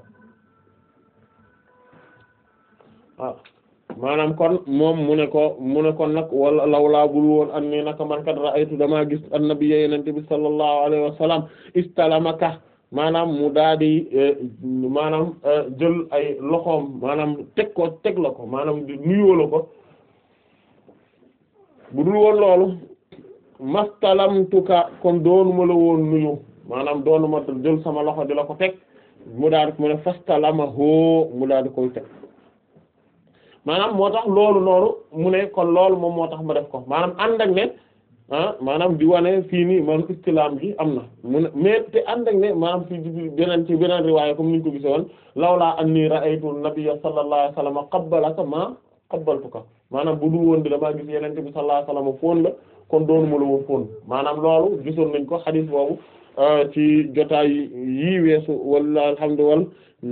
waaw ah, maanaam kon moom mu ne ko mu ne kon nag wala lawlaa bul woon an ni naka man kat ra'aytu damaa gis annabiyya yonent bi sallallahu alayhi wa sallam istalamaka maanaam mu daal di maanaam jël ay loxoom maanaam teg ko teg la ko maanaam nuyoo la ko bu woon loolu mastalamtuka kon doonuma la woon nuyu maanaam doonuma jël sama loxo di la ko teg mu daal di mu ne fastalama hoo mu daal di koy teg maanaam moo tax loolu nooru mu ne kon loolu moom moo tax ma def ko maanaam ànd ak ne ah, maanaam di wane fii nii maanaam istilaam gi am na mu ne mais te ànd ak ne maanaam fii ci beneen ci beneen riwaaya comme ni ñu ko gisee woon lawlaa annii ra'aytu nabiyya sallallahu alayhi wa sallam qabbalaka ma qabbaltuka maanaam bu dul woon di damaa gis yenente bi sallallahu alayhi wasallam fóon la kon doonuma la woon fóon maanaam loolu gisoon nañ ko xadis boobu euh, ci jotaay yii weesu walla alhamdu wal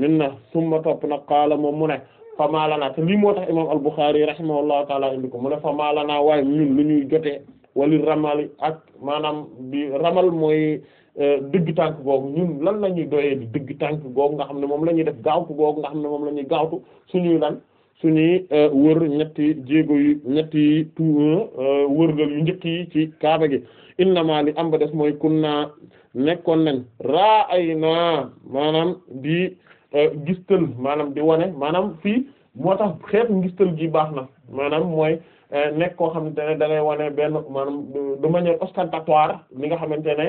minna summa topp nag kaala moom mu ne fa maalanaa te lii moo tax imam al-Bukhari rahimahullahu taala indi ko mu ne fa maalanaa waaye ñun lu ñuy jotee wali ramal ak maanaam bi ramal mooy euh, dëgg tànk googu ñun lan la ñuy doyee di dëgg tànk googu nga xam ne moom la ñuy def gaawtu googu nga xam ne moom la ñuy gaawtu suñuy lan suñuy euh, wër ñetti jéego yu ñetti tout euh, wërgal yu njëkk yi ci kaaba gi innama li am ba des mooy kunna nekkoon nañ raa ay naa maanaam di euh, gistal maanaam di wane maanaam fii moo tax xeet ngistal gi baax na maanaam mooy nekk koo xamante ne da ngay wane benn maanaam de manière ostentatoire li nga xamante ne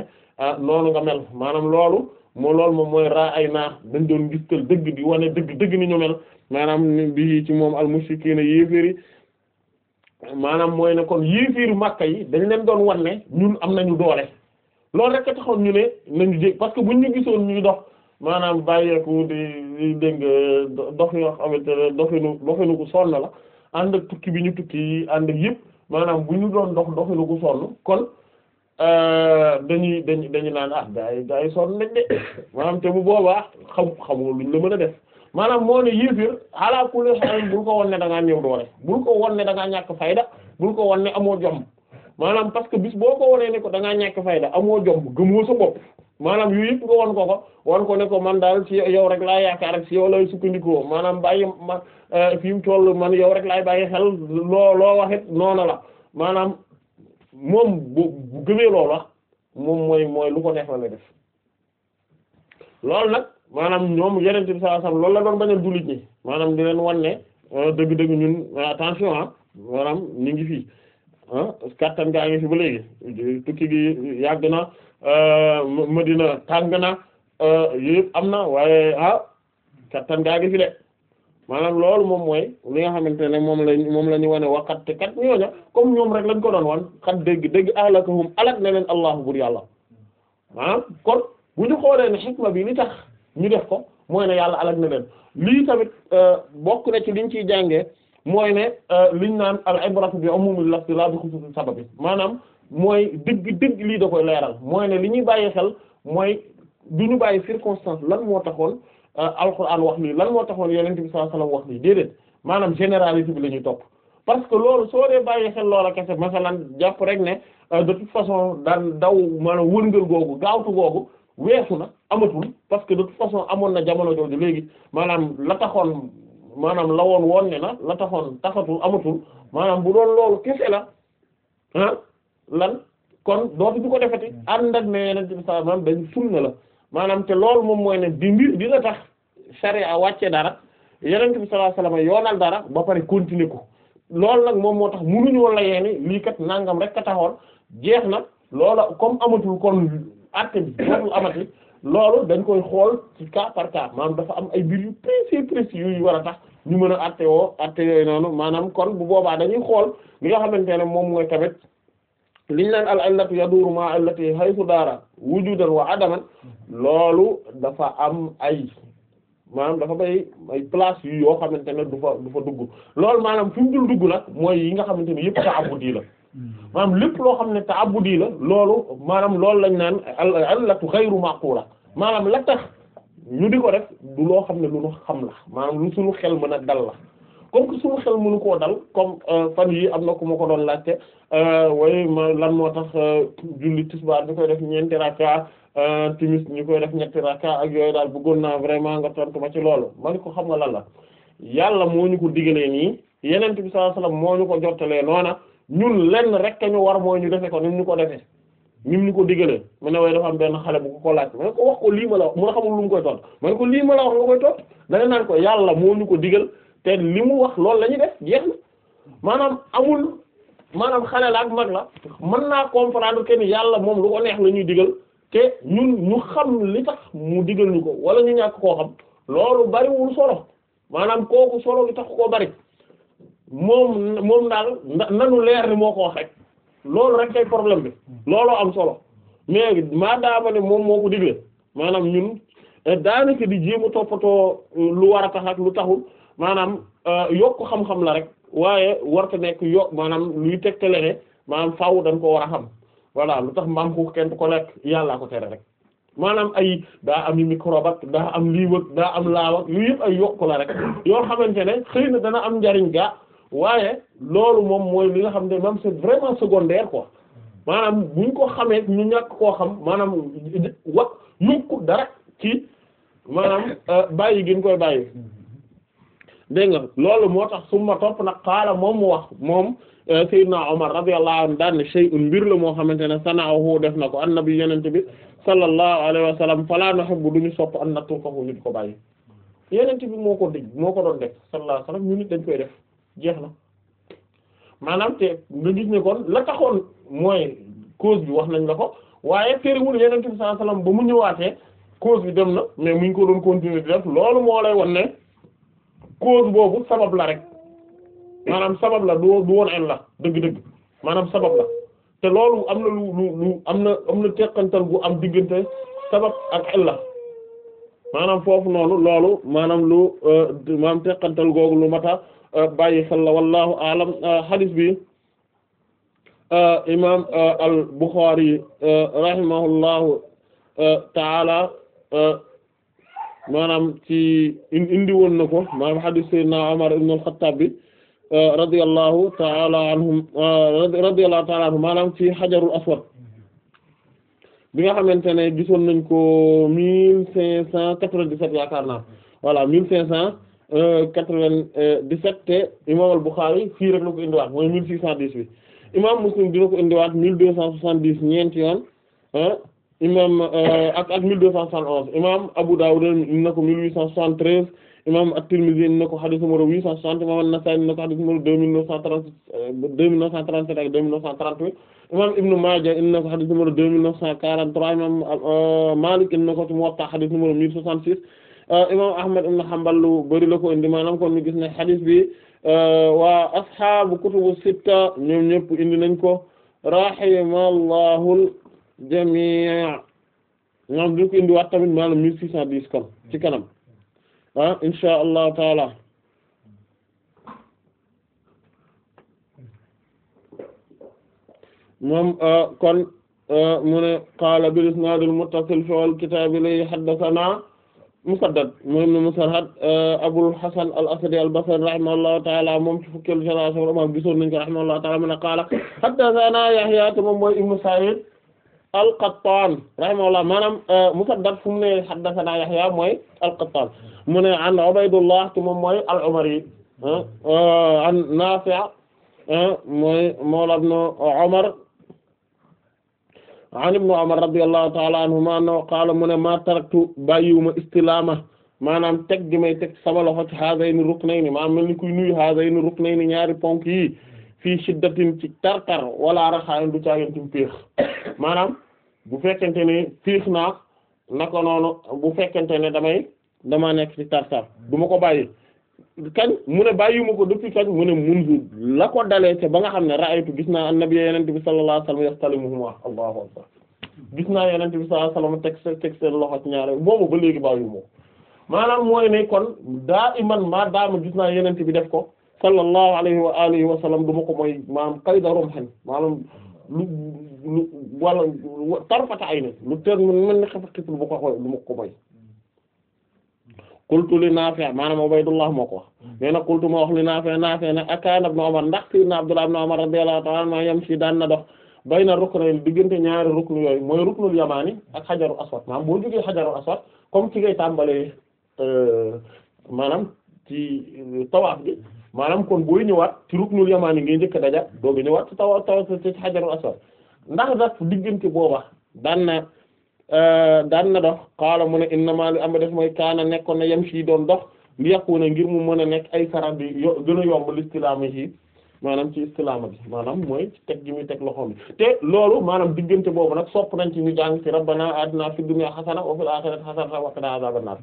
noonu nga mel maanaam loolu moo loolu moom mooy raa ay naax dañ doon ngistal dëgg di wane dëgg dëgg ni ñu mel maanaam bi ci moom almusrikiina yéeféeri maanaam mooy ne kon yéeféeri Makka yi dañ leen doon wan ne ñun am nañu doole loolu rek a taxoon ñu ne nañu jég parce que bu ñu gisoon ñu dox maanaam bàyyeeku di dégg dox yoo xamante ne doxinu doxinu ku sonn la ànd ak tukki bi ñu tukki ànd ak yëpp maanaam bu ñu doon dox doxinu ku sonn kon Euh, dañuy dañuy dañu naan ah gaa yi gaa yi de (coughs) maanaam te bu boobaa xam xamoo luñ la mën a def maanaam moo ne yéefir ala kulli haal bul ko won ne da ngaa néew doole bul ko won ne da ngaa ñàkk fayda bul ko won ne amoo jom maanaam parce que bis boo ko wonee ne ko da ngaa ñàkk fayda amoo jom gëmoo sa bopp maanaam yooyu yëpp nga won ko ko won ko ne ko man daal ci yow rek laa yaakaar rek si yow lay sukkandikoo maanaam bàyyi ma euh, fi mu toll man yow rek laay bàyyi xel loo loo waxit noona la moom bu gëmee wax moom mooy mooy lu ko neex la def loolu nag maanaam ñoom yeneen bi sallallahu alayhi wasallam loolu la doon bañal jullit ñi maanaam di leen wan ne euh, dëgg-dëgg ñun euh, attention ah maanaam ñu ngi fii kattan gaa ngi fi ba léegi tukki gi yàgg na euh, Madina tàng na yëpp am na waaye ah kattan gaa ngi fi de maanaam loolu moom mooy li nga xamante ne moom lañ moom la ñu wane waxat te kat ñooña comme ñoom rek lañ ko doon wan xat dégg dégg alakahum alak ne leen allahu bur yàlla maanaam kon bu ñu xoolee ne xikma bi li tax ñu def ko mooy ne yàlla alak ne leen lii tamit euh, bokk na ci liñ ciy jàngee mooy ne euh, liñ naan al ibratu bi umumil lafzi la bi xusuusi sababi maanaam mooy dëgg dëgg lii da koy leeral mooy ne li ñuy bàyyi xel mooy du ñu bàyyi circonstance lan moo taxoon Euh, alquran wax lii lan moo taxoon yonent bi sallallahu alayhi wasallam wax lii déedéet maanaam général généralité bi la ñuy topp parce que loolu soo dee bàyyi xel loola kese masalan jàpp rek ne euh, de toute façon daan daw maanaam wërngël googu gaawtu googu weesu na amatul parce que de toute façon amoon na jamono jooju léegi maanaam la taxoon maanaam la woon woon ne na la taxoon taxatul amatul maanaam bu doon loolu kese la ah lan kon dootu du ko defati hmm. ànd ak ne yeneen bi la maanaam te loolu moom mooy ne bi mbir dina tax sariya wàcce dara yeneen bi sallallahu alayhi wasallam yoonal dara ba pare continuer ko loolu nag moom moo tax munuñu woon la yeene lii kat nangam rek ka taxoon jeex na loola comme amatul kon acte bi dootul amati loolu dañ koy xool ci cas par cas maanaam dafa am ay mbir yu précis précis yu war a tax ñu mën a acte woo acte yooyu noonu maanaam kon bu boobaa dañuy xool li nga xamante ne moom mooy tamit liñ naan al illatu yaduru ma illati haythu daara wujudan wa adaman loolu dafa am ay maanaam dafa bay ay place yoo xamante ne du fa du fa dugg lool maanaam fi mu dul dugg nag mooy yi nga xamante ne yëpp ta'abbudi la maanaam lépp loo xam ne ta'abbudi la loolu maanaam loolu lañ naan illatu ghayru la maanaam la tax ñu di ko rek du loo xam ne lu ñu xam la maanaam lu suñu xel mën a dal la comme que suma xel mënu koo dal comme euh, fan yi am na ku ma ko doon laajte euh, way ma lan moo tax euh, julli tisbaar ñu koy def ñeenti rakka timis ñu koy def ñetti rakka ak yooyu daal bëggoon naa vraiment nga tontu ma ci loolu ma ko xam nga lan la yàlla moo ñu ko digalee nii yenent bi sallallahu alayhi wasallam moo ñu ko jottalee noona ñun lenn rek ñu war mooy ñu defe ko ni ñu ko defee ni ñu ko digalee mu ne waaye dafa am benn ko ko laaj ma ne ko wax ko lii ma la wax mu ne xamul lu ko lii la wax nga koy ko yàlla moo ñu ko te li mu wax loolu la ñu def jeex maanaam amul maanaam xale la ak mag la mën naa comprendre que ni yàlla moom lu ko neex la ñuy digal te ñun ñu xam li tax mu digal ñu ko wala ñu ñàkk koo xam loolu bariwul solo maanaam kooku solo li tax koo bari moom moom daal nanu leer ni moo ko wax rek loolu rek kay problème bi looloo am solo mais maa daama ne moom moo ko digle maanaam ñun daanaka di jéem a toppatoo lu war a tax ak lu taxul maanaam euh, yokk xam-xam la rek waaye warta nekk yo maanaam luy tegtale ne maanaam faaw dañ ko war a xam voilà lu tax mbaam xuux kenn du ko lekk yàllaa ko tere rek maanaam ay daa am microbe ak daa am liiwag daa am laawag yu yëpp ay yokku la rek yoo xamante ne xëy na dana am njariñ gaa waaye loolu moom mooy li nga xam ne moom c'est vraiment secondaire ko maanaam buñ ko xamee ñu ñàkk koo xam maanaam wax yokku dara ci maanaam euh, bàyyi gin koy bàyyi dégg nga loolu moo tax summa topp na xaala moom mu wax moom euh, Seydina Omar radiyallahu anhu daan ne shay'un mbir la moo xamante ne sanaahu def na ko annabi yenente bi sallallahu alayhi wa sallam fala nuhibbu duñu sopp an natrukahu ñu ko bàyyi yenente bi moo ko dëj moo ko doon def sallallahu alayhi wa ñu nit dañ koy def jeex na maanaam te nga gis ne kon la taxoon mooy cause bi wax nañ la ko waaye terewul yenente bi sallallahu alayhi ba mu ñëwaatee cause bi dem na mais muñ ko doon continuer di def loolu moo lay won ne cause boobu sabab la rek maanaam sabab la du woon en la dëgg-dëgg maanaam sabab la te loolu am na lu lu am na am na teqantal bu am diggante sabab ak en la maanaam foofu noonu loolu maanaam lu euh, maanaam teqantal googu lu mata euh, bàyyi xel la wallahu alam euh, hadith bi imam al Bukhari rahimahullahu taala maanaam ci indi woon na ko maanaam hadith sayyidina Umar ibn al-Khattab bi ta'ala uh, anhum radiyallahu ta'ala anhum uh, maanaam ci hajarul aswad bi nga xamante ne gisoon nañ ko mille cinq cent quatre-vingt-dix-sept yaakaar naa voilà mille cinq cent quatre-vingt-dix-sept te imam al-Bukhari fii rek la ko indiwaat mooy mille six cent dix bi imam Muslim dina indiwaat mille deux cent soixante-dix ñeenti yoon uh, imam euh, ak ak 1271 imam Abu Dawud indi na ko 1873 imam At-Tirmidhi indi na ko hadith numéro 860 imam An-Nasa'i indi na ko hadith numéro 2930 2937 euh, ak 2938 euh, Malik indi na ko ci Muwatta hadith imam Ahmad ibn Hanbal bari la ko indi kon ñu gis ne hadith bi waa ashaabu kutubu sitta ñoom indi nañ ko rahimallahu jami'a eh, ñoom du ko indi waat tamit maanaam mille six cent dix kon ci kanam ah insha taala moom eh, kon eh, mu ne qaala bil isnaadil muttasil fil kitaabi li haddathana musaddad moom ne musarhad abul hasan al asadi al basri rahimahullahu taala moom ci fukkeelu génération imam gisoon nañ ko mu ne qaala haddathana yahya moom mooy ibnu sa'id al-Qattaan rahimahullah maanaam euh, musaddad fu mu ne haddasanaa Yahya mooy al-Qattaan mu ne an Ubaydullah te moom mooy al-Umari euh, an Naafi' mooy mawla ibn Umar an ibn Umar radiyallahu ta'ala anhuma annahu qaala mu ne maa taraktu bàyyiwuma istilaama maanaam teg gi may teg sama loxo ci haazayni ruknayni maanaam mel ni kuy nuyu haazayni ruknayni ñaari ponk yi fii shiddatin ci tartar wala raxaa'in du caagin ci mu péex maanaam bu fekkente ne fiix naa naka noonu bu fekkente ne damay damaa nekk ci tar-tar du ma ko bàyyi kañ mu ne bàyyi ma ko depuis kañ mu ne munzu la ko dalee te ba nga xam ne ra'aytu gis naa annabi yenente bi sallallahu alayhi wasallam yaxtalimuhuma allahu akbar naa yenente bi sallallahu alayhi wasallam teg seen teg seen loxo ci ñaare boobu ba léegi bàyyi ma ko maanaam mooy ne kon daa iman maa daama gis naa yenente bi def ko sallallahu alayhi wa alihi wa sallam du ma ko mooy maanaam qayda rumhan maanaam lu wala tarfata ay na lu tër mën na xafa xipl bu ko xool du ma ko moy qultu li Naafi' maanaam Ubaydullah moo ko wax mais nag qultu ma wax li Naafi' Naafi' ne akaana Ibn Umar ndax sayyidna Abdullah ibn Umar radiyallahu ta'ala anhu yamshi daan na dox bayna ruknayn diggante ñaari rukn yooyu mooy ruknul yamaani ak xajarul aswad maanaam boo jógee xajarul aswad comme ci ngay tàmbalee euh, maanaam ci tawaaf bi maanaam kon booy ñëwaat ci ruknul yamaani ngay njëkk a daja dooga ñëwaat ci tawaaf ndax daf diggante booba daan na euh, daan na dox xaala mu ne innama li am def mooy kaana nekkoon na yem si doon dox li yàquna ngir mu mën a nekk ay sarat bi yo gën a yomb listilaama yi maanaam ci a bi maanaam mooy teg gi muy teg loxoom te loolu maanam diggante boobu nag sopp nañ ci ñu jàng ci rabbana atina fid dunya hasana wa fil akhirati hasana wa qina azaban nar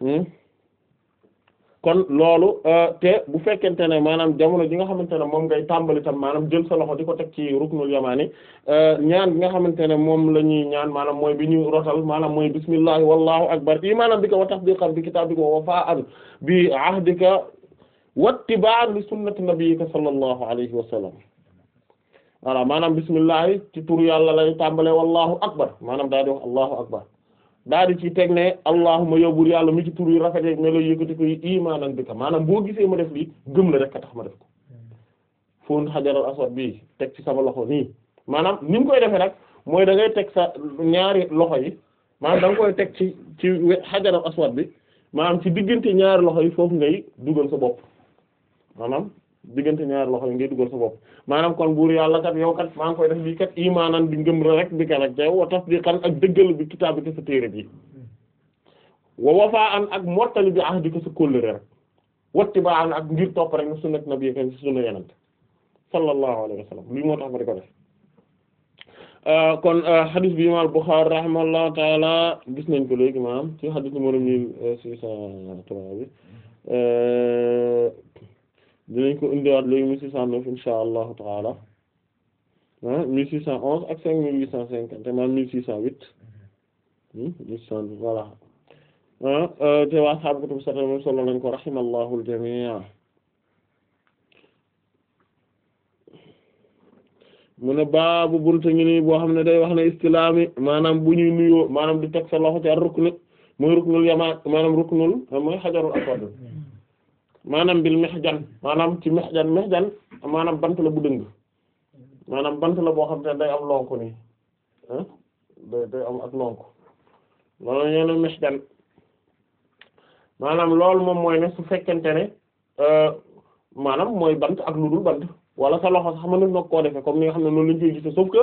hmm? kon loolu euh, te bu fekkente ne maanaam jamono ji nga xamante ne moom ngay tàmbali tam maanaam jël sa loxo di ko teg ci ruknul yamaani euh, ñaan bi nga xamante ne moom la ñuy ñaan maanaam mooy bi ñu rotal maanaam mooy bismillahi wallahu akbar imaanam bi ka wa tasdiqan bi kitaabika wa wafa'an bi ahdika wattiba'an li sunnati nabiyyika sallallahu alayhi wa sallam voilà maanaam bismillahi ci tur yàlla lay tàmbale wallahu akbar maanaam daa di wax allahu akbar daal di ci teg ne allahumma yow buur yàlla mi ci tur yu rafete melo yëkkati ko imaanan bika maanaam boo gisee ma def lii gëm la rek a tax ma def ko fóon xajaral aswad bi teg ci sama loxo nii maanaam nim koy defee nag mooy da teg sa ñaari loxo yi maanaam da nga koy teg ci ci xajaral aswad bi maanaam ci diggante ñaari loxo yi foofu ngay dugal sa bopp maanaam diggante ñaar loxo yi ngay dugal sa maanaam kon buur yàlla kat yow kat maa koy def lii kat imaanan di ngëm rek bi kan ak yow wa tasdiqan ak dëggal bi kitaab bi sa téere bi wa wafaan ak mottali bi ahdi ko sa kóllëre rek wattibaan ak ngir topp rek na sunnat nabi kan si sunna yenant sallallahu alayhi wa sallam lii euh, kon hadith euh, bi imaam Bukhari rahimahullahu taala gis nañ ko léegi maanaam ci hadith numéro mille six cent trois bi euh, dinañ ko indiwaat léegi mille six cent neuf insha allahu taala ah mille six cent onze ak cinq mille huit cent cinquante maanaam mille six cent huit hmm, mille voilà euh, te waa sahabu kutub sitta solo lañ ko rahimallahu al-jamii' mu ne baabu buntu ngi nii boo xam ne day wax ne istilaami maanaam bu ñuy nuyoo maanaam di teg sa loxo ci ar rukn mooy ruknul yamaan maanaam ruknul mooy xajarul aswad maanaam bil mihjan maanaam ci mihjan mihjan maanaam bant la bu dëng maanaam bant la boo xam te day am lonku ni ah, day day am ak lonku loolu ñoo ne mihjan maanaam loolu moom mooy ne su fekkente ne euh, maanaam mooy bant ak lu dul bant wala sa loxo sax mënul nag koo defee comme ni nga xam ne noonu lañ koy gisee sauf que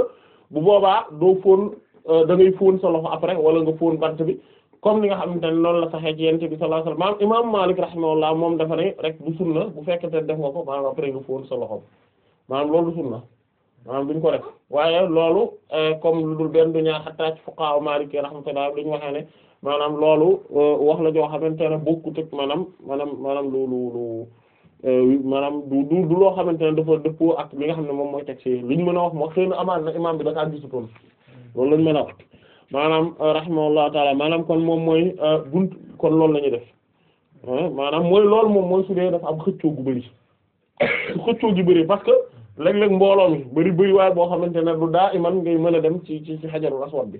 bu boobaa doo fóon euh, da ngay fóon sa loxo après wala nga fóon bant bi comme li nga xamante ne loolu la saxee ci yonent bi sallallahu alayhi wasallam imam Malik rahimahullah moom dafa ne rek du sunna bu fekkente def nga ko maanaam après nga fóon sa loxo maanaam loolu du sunna maanaam ko def waaye loolu eh, comme lu dul benn du ñaar xataa ci fuqaha Maliki rahmatullah li ñu waxee ne maanaam loolu eh, wax la joo xamante ne bokkut ak maanaam maanaam maanaam lu lu lu eh, maanaam du loo xamante ne dafa dëppoo ak mi nga xam ne moom mooy teg ci liñ mën a wax moo xëy na amaan na imaam bi da kaa gisutoon loolu lañ mën a maanaam euh, rahimahullahu taala maanaam kon moom mooy euh, bunt kon lool la ñuy def maanaam mooy loolu moom mooy su dee dafa am xëccoo gu bëri (coughs) xëccoo gi bëri parce que léeg-léeg mbooloo mi bëri bëri waaye boo xamante ne du daa iman ngay mën a dem ci ci ci xajarul aswad bi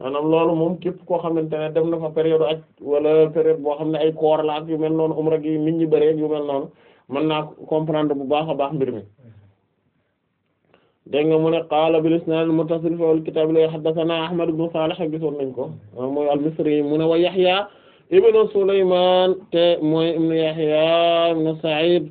maanaam loolu moom képp koo xamante ne dem na fa période ak wala période boo xam ne ay koor laa ak yu mel noonu umra gi nit ñi bëree yu mel noonu mën naa comprendre bu baax a baax mbir mi dégg nga mu ne qaala bil isnaad muttasil fi al kitaab la haddathanaa Ahmad ibn Saalih gisoon nañ ko mooy al-Misri mu ne wa Yahya ibn Sulaymaan te mooy ibn Yahya ibn Sa'iid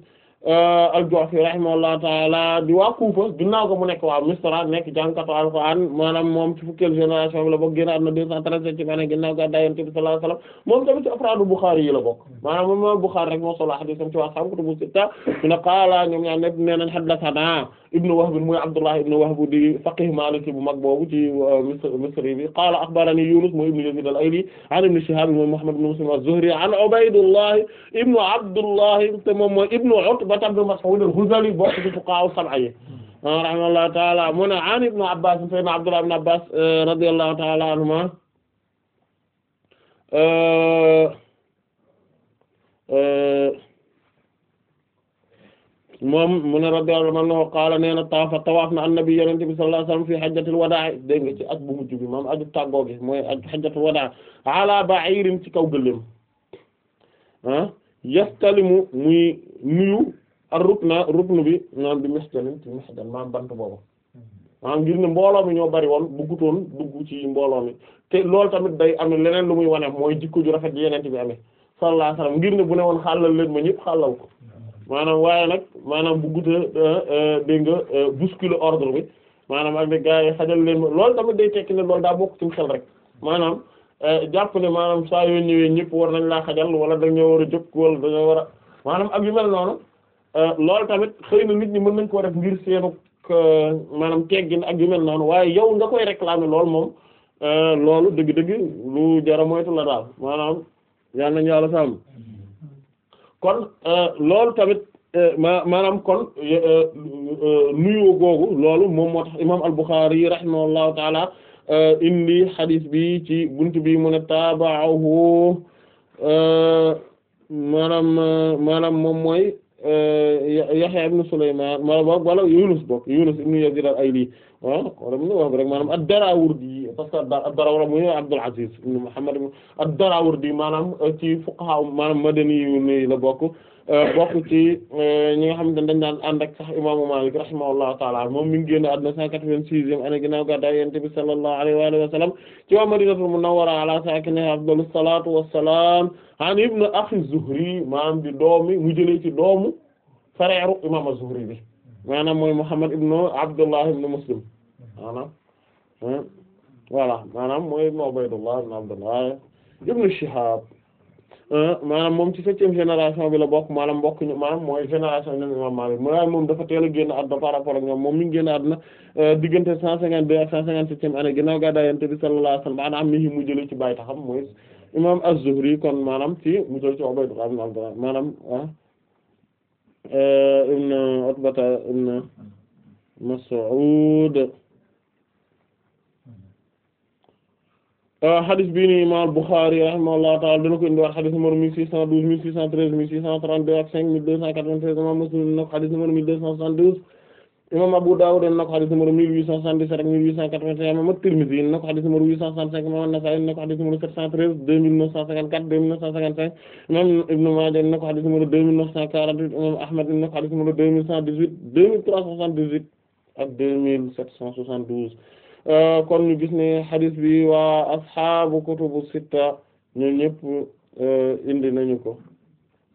euh, al-Ju'fi rahimahullahu ta'ala di waa Kuufa ginnaaw ko mu nekk waa Misra nekk jàngkatu Alxuraan maanaam moom ci fukkeel génération bi la bokk génn àdduna deux cent trente-septième année ginnaaw gàddaay Yonent bi sallallahu alayhi wasallam moom ci afraadu Buxaari yi la bokk maanaam moom Buxaari rek moo solo hadiisam ci waa xam kutubu sitta ñu ne qaala ñoom ñaar ñépp nee nañ ibnu Wahb muy Abdullah ibnu Wahb di faqih maliki bu mag boobu ci uh, Misr Misri bi qaala akhbarani Yunus mooy ibnu Yazid al-Ayli an ibnu Shihab mooy Muhammad ibnu Muslim az-Zuhri an Ubaydullah ibnu Abdullah te moom mooy ibnu Utba ibnu Mas'ud al-Hudhali bokk ci fuqaha sab'a yi uh, rahimahullahu ta'ala mu ne an ibnu Abbas sayyidina Abdullah ibnu Abbas uh, radiyallahu ta'ala anhuma euh euh moom mu ne radiyallahu anhu qaala nee na taafa tawaaf na annabi yonent bi sallallahu alayhi wasallam fi hajjatil wadaa dégg nga ci at bu mujj bi moom aju tàggoo gi mooy aj hajjatil wadaa ala ba'irin ci kaw gëléem ah yastalimu muy nuyu ar rukna ruknu bi naan bi mistalim ci mistal maam bant boobu maanaam ah, ngir ne mbooloo mi ñoo bari woon buggutoon dugg ci mbooloo mi te loolu tamit day am leneen lu muy wane mooy jikko ju rafet yeneen bi amee sallallahu alayhi ngir ne bu ne woon xàllal leen ma ñëpp xàllal ko maanaam waaye nag maanaam bu guta euh, euh, dégg nga euh, bousculer ordre bi maanaam ak ne gars yi xajal leen loolu lool day tekki ne loolu daa bokk ci xel rek maanaam jàpp ne maanaam saa yoo ñëwee ñëpp war nañ laa xajal wala dañoo war a jóg wala dañoo war a maanaam ak yu mel noonu loolu tamit xëy na nit ñi mën nañ koo def ngir seenu maanaam teggin ak yu mel noonu waaye yow nga koy réclamer lool moom loolu dëgg-dëgg lu jara moytu la daal maanaam yal nañu yàlla sàmm kon euh, loolu tamit euh, maanaam kon euh, nuyoo googu loolu moom moo tax imaam al-Bukhari rahimahullahu taala indi hadith bi ci bunt bi mu ne taabaahu maanaam maanaam moom mooy. Eh, Yahya ibn Sulaymaan maanaam wala Yunus bokk Yunus ibn Yaziid al-Ayli ah wala mu wax rek maanaam ad-Daraawurdi parce que ad-Daraawurdi mooy Abdul Aziz ibn Muhammad ad-Daraawurdi maanaam ci fuqahaa maanaam madani yu nii la bokk. Euh, bokk ci euh, ñi nga xam ne dañ daan ànd ak sax imaamu Maalik rahimahullahu taala moom mi ngi génn àdduna cent quatre-vingt-sixième année ginnaaw gàddaay Yonent bi sallallahu alayhi wa alihi wa sallam ci waa Madinatul Munawwara ala mu jëlee ci doomu frère imaam az-Zuhri bi maanaam mooy Muhammad ibn Abdullah ibn Muslim maanaam maanaam mooy ibn Ubaydullah Euh, maanaam moom ci septième génération bi la bokk maanaam bokk ñu maanaam mooy génération ñoom imam Maalik mooy moom dafa teel a génn àdduna par rapport ak ñoom moom mi ngi génn àdduna euh, diggante cent cinquante deux ak cent cinquante septième année ginnaaw gàddaay Yonent bi sallallahu alayhi wa sallam ana am ni mu jëlee ci bàyyi taxam mooy imam Az-Zuhri kon maanaam ci mu jël ci Ubaydullah ibn Abdullah maanaam ah, euh, ibn Utbata ibn Mas'ud xadis euh, bii nii imaam Buxaari rahimahullahu ta'ala dana ko indiwaat xadis numéro 1612 1613 1632 ak 5293 imaam Muslim dina ko xadis numéro 1272 imaam Abu Dawud dina ko xadis numéro 1877 ak 1881 imaam At-Tirmidhi dina ko xadis numéro 865 imaam An-Nasa'i dina ko xadis numéro 713 2954 2955 imaam Ibn Maaja dina ko xadis numéro 2948 imaam Ahmad dina ko xadis numéro 2118 2378 ak 2772 Euh, kon ñu gis ne hadith bi waa asxaabu kutubu sitta ñun ñëpp euh, indi nañu ko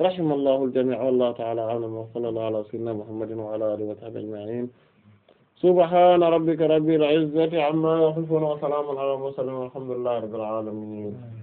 rahimallahu al-jami' wallahu ta'ala a'lam wa sallallahu ala sayyidina muhammadin wa ala alihi wa sahbihi ajma'in subhana rabbika rabbil izzati amma yasifun wa salamun ala al-mursalin walhamdulillahi rabbil alamin